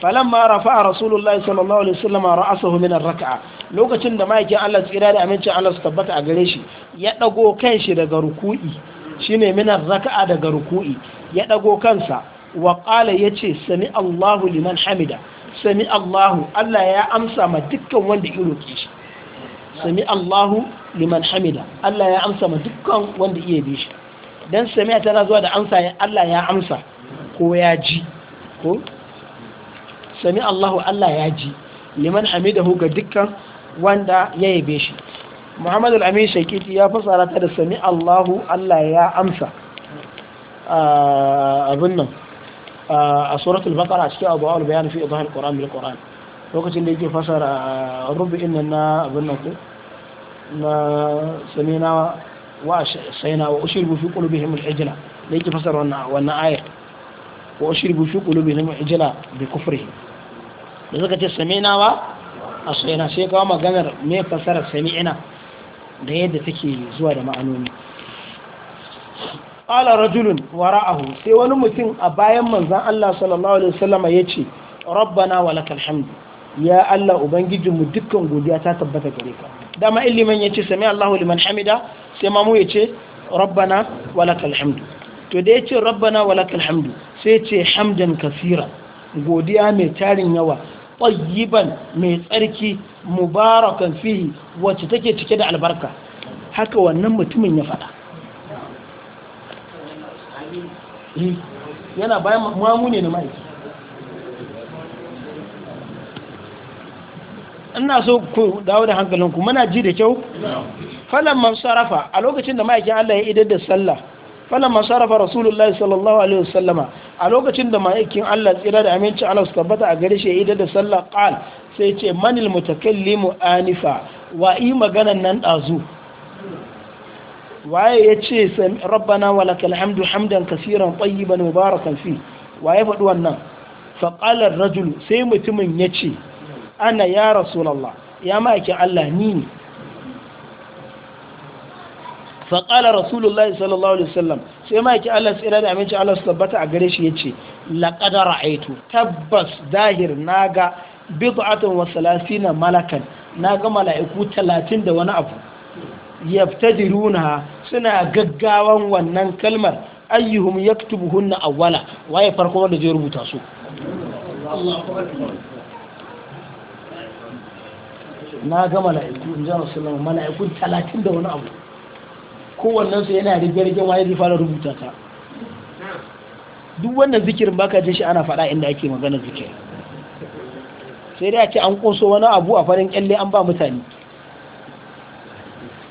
falan ma rafa a rasulullahi sallallahu alaihi wasallam ra'asahu min ar-raka'a lokacin da ma'aikin Allah su kira da amincin Allah su tabbata a gare shi ya dago kan shi daga ruku'i shine minar raka'a daga ruku'i ya dago kansa wa qala yace sami Allahu liman hamida sami Allahu Allah ya amsa ma dukkan wanda ya roke shi sami Allahu liman hamida Allah ya amsa ma dukkan wanda iya bi shi dan sami'a tana zuwa da amsa ya Allah ya amsa ko ya ji ko sami Allahu Allah ya ji liman hamidahu ga dukkan wanda ya yabe shi muhammadu al'amin shaikiti ya fasara ta da sami allahu allah ya amsa abin nan a suratul a cikin abu al bayan fi idhar ƙoran bil ƙoran. lokacin da yake fasara rubu'in nan na abin nan ku. na sami samina wa na wa ushribu fi qulubihim al-ijla da yake fasara wannan wannan ayar wa ushribu fi qulubihim al-ijla bi kufrihim da suka ce samina wa a yana sai kawo maganar mai fasarar sami'ina da yadda take zuwa da ma'anoni ala rajulun wara'ahu sai wani mutum a bayan manzan Allah sallallahu alaihi wasallama yace rabbana walakal hamdu ya Allah ubangijinmu dukkan godiya ta tabbata gare ka dama illiman ce sami Allahu liman hamida sai mamu ya yace rabbana walakal hamdu to da ya yace rabbana walakal hamdu sai ce hamdan kasira godiya mai tarin yawa tayyiban mai tsarki mubarakan fihi wacce take cike da albarka haka wannan mutumin ya faɗa eh, yana bayan mamu ne na mai ina so ku dawo da hankalinku muna ji da kyau falon masu sarrafa a lokacin da ma'aikin Allah ya idar da sallah fala masarafa rasulullahi sallallahu alaihi wasallama a lokacin da ma'aikin Allah tsira da aminci Allah su bata a gare shi ya idar da sallah qal sai ce manil mutakallimu anifa wa yi maganan nan dazu waye yace rabbana walakal hamdu hamdan kaseeran tayyiban mubarakan fi waye faɗi wannan fa qala ar-rajul sai mutumin yace ana ya rasulullah ya ma'aikin Allah ni faƙala rasulullahi sallallahu alaihi wasallam sai ma yake Allah tsira da aminci Allah su tabbata a gare shi ya ce laƙada ra'aitu tabbas zahir na ga bid'atun wa salasina malakan na ga mala'iku talatin da wani abu yaftajiruna suna gaggawan wannan kalmar ayyuhum yaktubuhunna awwala waye farko wanda zai rubuta su na ga mala'iku in ji rasulullah mala'iku talatin da wani abu kowannen su yana rige rige waye zai fara rubuta ta duk wannan zikirin baka jin shi ana faɗa inda ake magana zikir sai dai a ce an koso wani abu a farin kyalle an ba mutane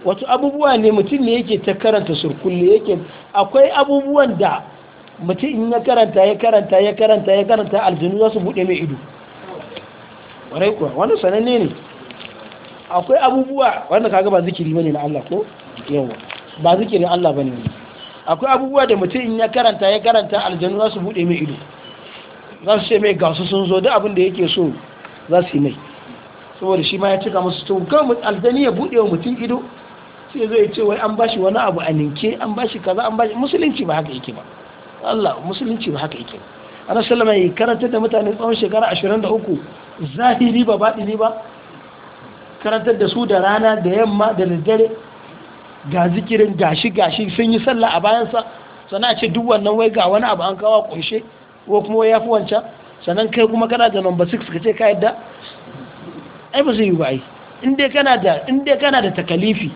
wato abubuwa ne mutum ne yake ta karanta surkulle yake akwai abubuwan da mutum in ya karanta ya karanta ya karanta ya karanta aljanu za su buɗe mai ido warai kuwa wani sananne ne akwai abubuwa wanda kaga ba zikiri bane na Allah ko yawa ba zikirin Allah bane akwai abubuwa da mutum ya karanta ya karanta aljanu za su buɗe mai ido za su ce mai gasu sun zo da abin da yake so za su yi mai saboda shi ma ya cika musu to ga aljani ya buɗe wa mutum ido sai zai ce wai an bashi wani abu a ninke an bashi kaza an bashi musulunci ba haka yake ba Allah musulunci ba haka yake ba ana sallama ya karanta da mutane tsawon shekara ashirin da uku zahiri ba baɗini ba karantar da su da rana da yamma da daddare ga zikirin gashi gashi sun yi sallah a bayansa sannan a ce duk wannan wai ga wani abu an kawo kunshe ko kuma ya fi wancan sannan kai kuma kana da number 6 ka ce ka yadda ai ba zai yi ba ai in dai kana da in kana da takalifi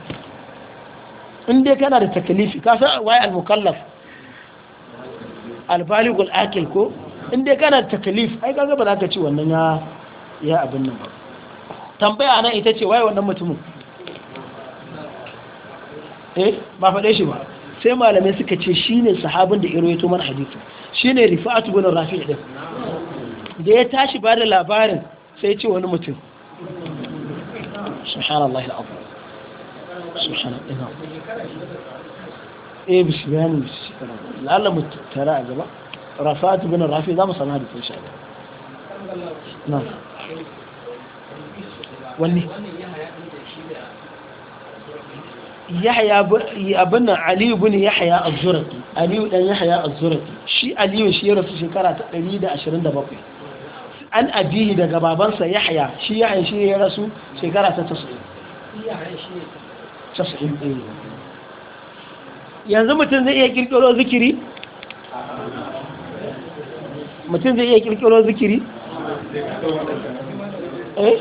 in dai kana da takalifi ka san wai al-mukallaf al-baligh al-aqil ko in dai kana da takalif ai kaga ba za ka ci wannan ya ya abin nan ba tambaya nan ita ce wai wannan mutumin eh ba faɗe shi ba sai malamai suka ce shine sahabin da irwaito mana hadisi shine rifa'atu bin rafi' din da ya tashi ba da labarin sai ce wani mutum eh a gaba rafa'atu za mu na yahya abin aliyu bin yahya az-zurqi aliyu dan yahya az-zurqi shi aliyu shi ya rasu shekara ta 127 an abihi daga babansa yahya shi yahya shi ya rasu shekara ta 90 yanzu mutum zai iya kirkiro zikiri mutum zai iya kirkiro zikiri eh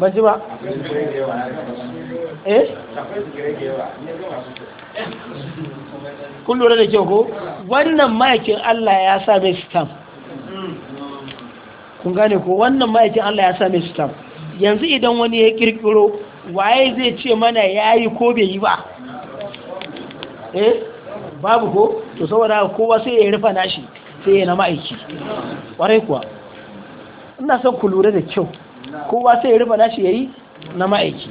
ban ba eh kun lura da kyau ko wannan ma'aikin Allah ya sa mai stam kun gane ko wannan ma'aikin Allah ya sa mai stam yanzu idan wani ya kirkiro waye zai ce mana ya yi ko bai yi ba eh babu ko to saboda kowa sai ya rufa nashi sai ya na ma'aiki kwarai kuwa ina son ku lura da kyau kowa sai ya rufa nashi yayi na ma'aiki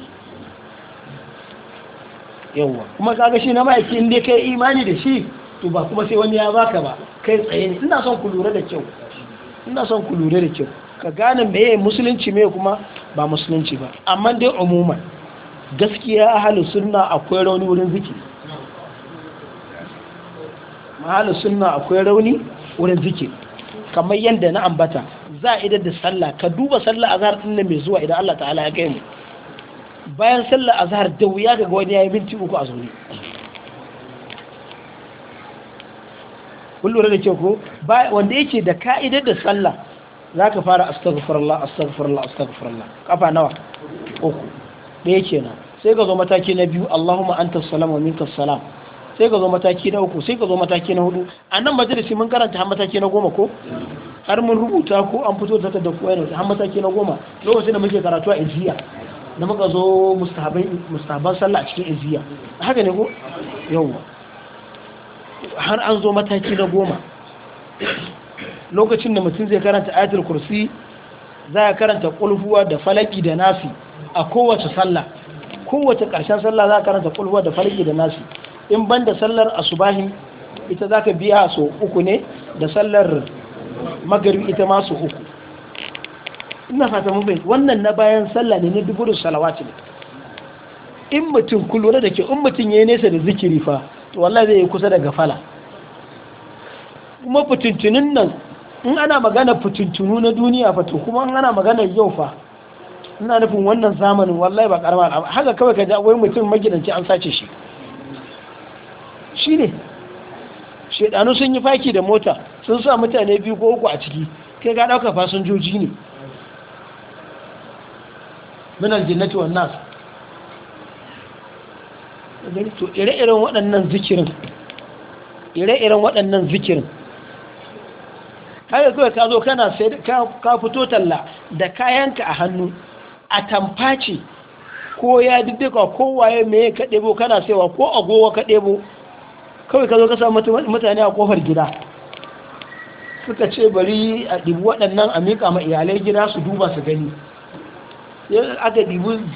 yawa kuma kaga shi na ma'aiki inda kai imani da shi to ba kuma sai wani ya baka ba kai tsaye ne ina son ku lura da kyau ina son ku lura da kyau ka gane meye musulunci meye kuma ba musulunci ba amma dai umuman gaskiya ahlus sunna akwai rauni wurin zikiri sunna akwai rauni wurin zikiri kamar yadda na ambata za a idar da sallah ka duba sallah azhar din mai zuwa idan Allah ta'ala ya kai mu bayan sallar azhar da wuya ga wani ya yi minti uku a zaune kullum da ce ko wanda yake da ka'idar da sallah za ka fara astaghfirullah astaghfirullah astaghfirullah kafa nawa uku yake na? sai ka zo mataki na biyu Allahumma anta salam wa minka salam sai ka zo mataki na uku sai ka zo mataki na hudu a nan majalisi mun karanta har mataki na goma ko har mun rubuta ko an fito da ta da kuwa har mataki na goma lokacin da muke karatu a injiya da muka zo mustahabar sallah a cikin iziya haka ne ko yau har an zo mataki na goma lokacin da mutum zai karanta ayatul kursi za a karanta kulhuwa da falaki da nasi a kowace sallah kowace karshen sallah za a karanta kulhuwa da falaki da nasi in ban da sallar asubahin ita za ka biya so uku ne da sallar magari ita ma so uku ina fata mun fahimta wannan na bayan sallah ne na dubu salawati ne in mutum ku da ke in mutum ya yi nesa da zikiri fa to wallahi zai yi kusa da gafala kuma fitintunin nan in ana magana fitintunu na duniya fa to kuma in ana magana yau fa ina nufin wannan zamanin wallahi ba karama haka kawai ka ji akwai mutum magidanci an sace shi shi shedanu sun yi faki da mota sun sa mutane biyu ko uku a ciki kai ga ɗauka fasinjoji ne min aljinnati wan nas to ire-iren waɗannan zikirin ire-iren waɗannan zikirin haka kawai ka zo kana sai ka fito talla da kayanka a hannu a tamfaci ko ya diddika ko waye me ka ɗebo kana saiwa ko agowa ka ɗebo kawai ka zo ka samu mutane a kofar gida suka ce bari a ɗibi waɗannan a miƙa ma iyalai gida su duba su gani aka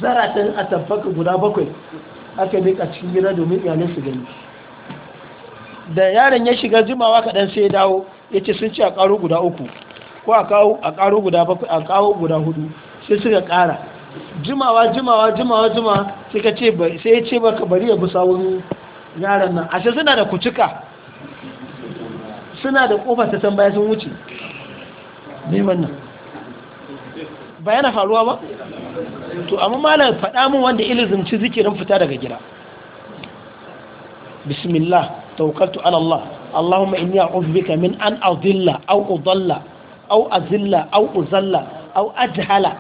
zara ɗin a tafaka guda bakwai aka a cikin gina domin iyalin su gani da yaron ya shiga jimawa kaɗan sai ya dawo ya ce sun ce a ƙaro guda uku ko a kawo a ƙaro guda bakwai a kawo guda hudu sai suka ƙara jimawa jimawa jimawa jimawa sai ce sai ya ce baka bari ya bi sawun yaron nan ashe suna da kucika suna da ƙofar ta tambaya sun wuce neman nan. ba yana faruwa ba to amma malam faɗa min wanda ilizimci zikirin fita daga gida bismillah tawakkaltu ala Allah Allahumma inni a'udhu bika min an adilla aw udalla aw azilla aw uzalla aw ajhala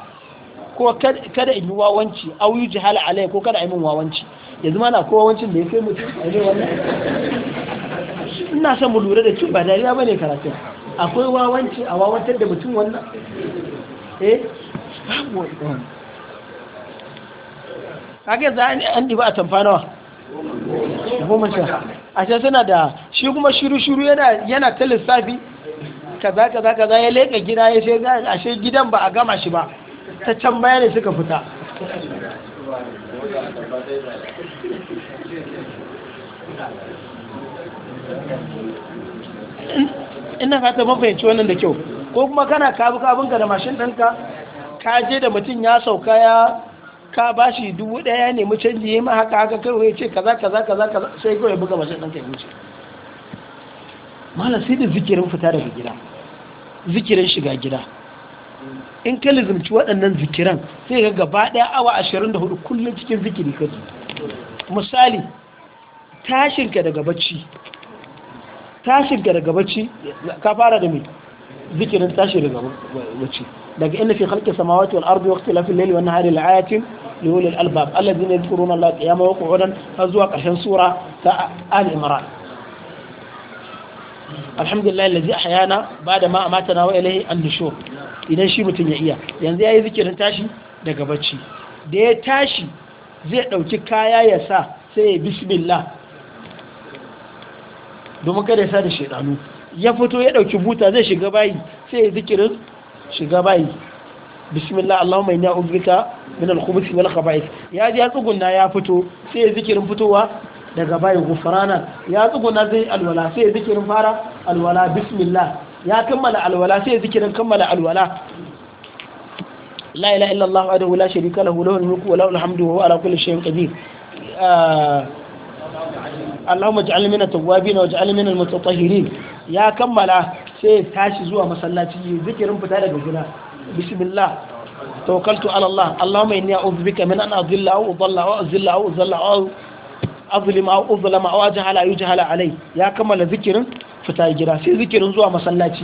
ko kada in yi wawanci aw yujhala alai ko kada in min wawanci yanzu ma na ko wawancin da ya kai mutum a ne wannan ina son mu lura da cin ba dariya bane karatu akwai wawanci a wawantar da mutum wannan eh babu wani kage za an ɗiba a tamfa nawa goma sha a can suna da shi kuma shiru-shiru yana ta lissafi kaza kaza kaza ya leka gida ya a ashe gidan ba a gama shi ba ta can bayanai suka fita ina fata mafahimci wannan da kyau ko kuma kana kabu kabinka da mashin ɗanka ka je da mutum ya sauka ya ka ba shi dubu ɗaya ne mu canji ya ma haka haka kawai ya ce kaza kaza kaza kaza sai kawai buga mashin ɗan kai wuce malam sai da zikirin fita daga gida zikirin shiga gida in ka lizimci waɗannan zikiran sai ga gaba ɗaya awa ashirin da hudu kullum cikin zikiri ka misali tashinka daga bacci tashinka daga bacci ka fara da mai zikirin tashi daga bacci daga inna fi khalqi samawati wal ardi waqti fil layli wan nahari la ayatin li ulil albab alladhina yadhkuruna allaha qiyaman wa qu'udan har zuwa ƙarshen sura ta ali imran alhamdulillah allazi ahyana bada ma amatana wa ilayhi an-nushur idan shi mutun ya iya yanzu yayi zikirin tashi daga bacci da ya tashi zai dauki kaya ya sa sai ya bismillah domin kada ya sa da shedanu ya fito ya dauki buta zai shiga bayi sai ya zikirin shiga bayi bismillah allahumma inni a'udhuka min al-khubuthi wal khaba'ith ya ji ya tsugunna ya fito sai zikirin fitowa daga bayi gufrana ya tsugunna zai alwala sai zikirin fara alwala bismillah ya kammala alwala sai zikirin kammala alwala la ilaha illallah wahdahu la sharika lahu lahul mulku wa lahul hamdu wa huwa ala kulli shay'in qadir اللهم اجعل من التوابين واجعل من المتطهرين يا كملا sai tashi zuwa masallaci yi zikirin fita daga gida bismillah tawakkaltu ala Allah Allahumma inni a'udhu bika min an adilla aw udalla aw azilla aw uzalla aw azlima aw uzlama aw ajhala yujhala alai ya kammala zikirin fita gida sai zikirin zuwa masallaci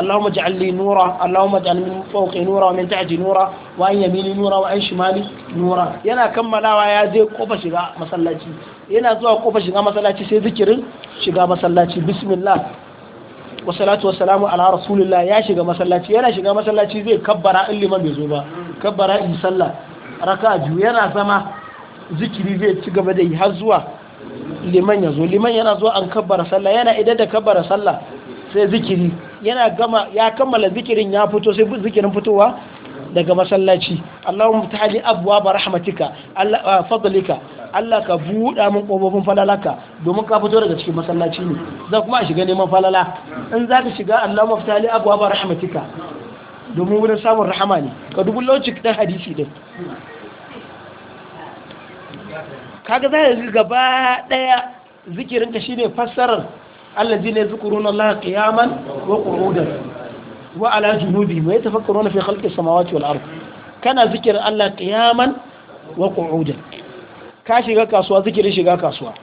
Allahumma ij'al alli nura Allahumma ij'al min fawqi nura wa min tahti nura wa an yamini nura wa an shimali nura yana kammalawa ya je kofa shiga masallaci yana zuwa kofa shiga masallaci sai zikirin shiga masallaci bismillah wasalatu wasalamu ala rasulillah ya shiga masallaci yana shiga masallaci zai kabbara in liman bai zo ba kabbara in salla raka biyu yana zama zikiri zai ci gaba da yi har zuwa liman ya zo liman yana zuwa an kabbara salla yana idan da kabbara sallah sai zikiri yana gama ya kammala zikirin ya fito sai zikirin fitowa daga masallaci Allahumma ftahli ba rahmatika Allah ah, Allah ka buɗa min kofofin falalaka domin ka fito daga cikin masallaci ne za kuma a shiga neman falala in za ka shiga Allahumma ftahli ba rahmatika domin wurin samun rahama ne ka dubu logic ɗan hadisi ɗin kaga za ka gaba ɗaya zikirinka shine fassarar allazi ne zukurun Allah qiyaman wa qu'udan wa ala junubi wa yatafakkaruna fi khalqi samawati wal ard kana zikir Allah qiyaman wa qu'udan ka shiga kasuwa zikirin shiga kasuwa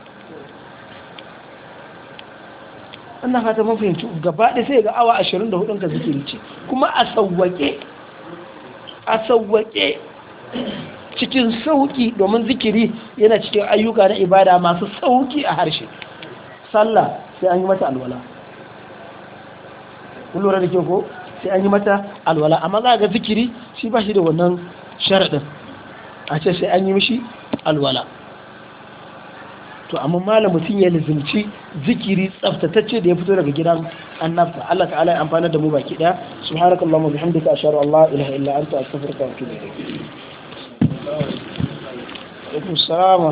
wannan fata mun fahimci gaba da sai ga awa 24 ka zikiri ce kuma a sawwake a sawwake cikin sauki domin zikiri yana cikin ayyuka na ibada masu sauki a harshe sallah sai an yi mata alwala kun lura da ke ko sai an yi mata alwala amma za ga zikiri shi ba shi da wannan sharaɗin a ce sai an yi mishi alwala to amma malam mutum ya lizinci zikiri tsaftatacce da ya fito daga gidan annabta Allah ta'ala ya amfana da mu baki daya subhanakallahumma bihamdika asharu Allah ilaha illa anta astaghfiruka wa atubu ilayk alaikum assalam wa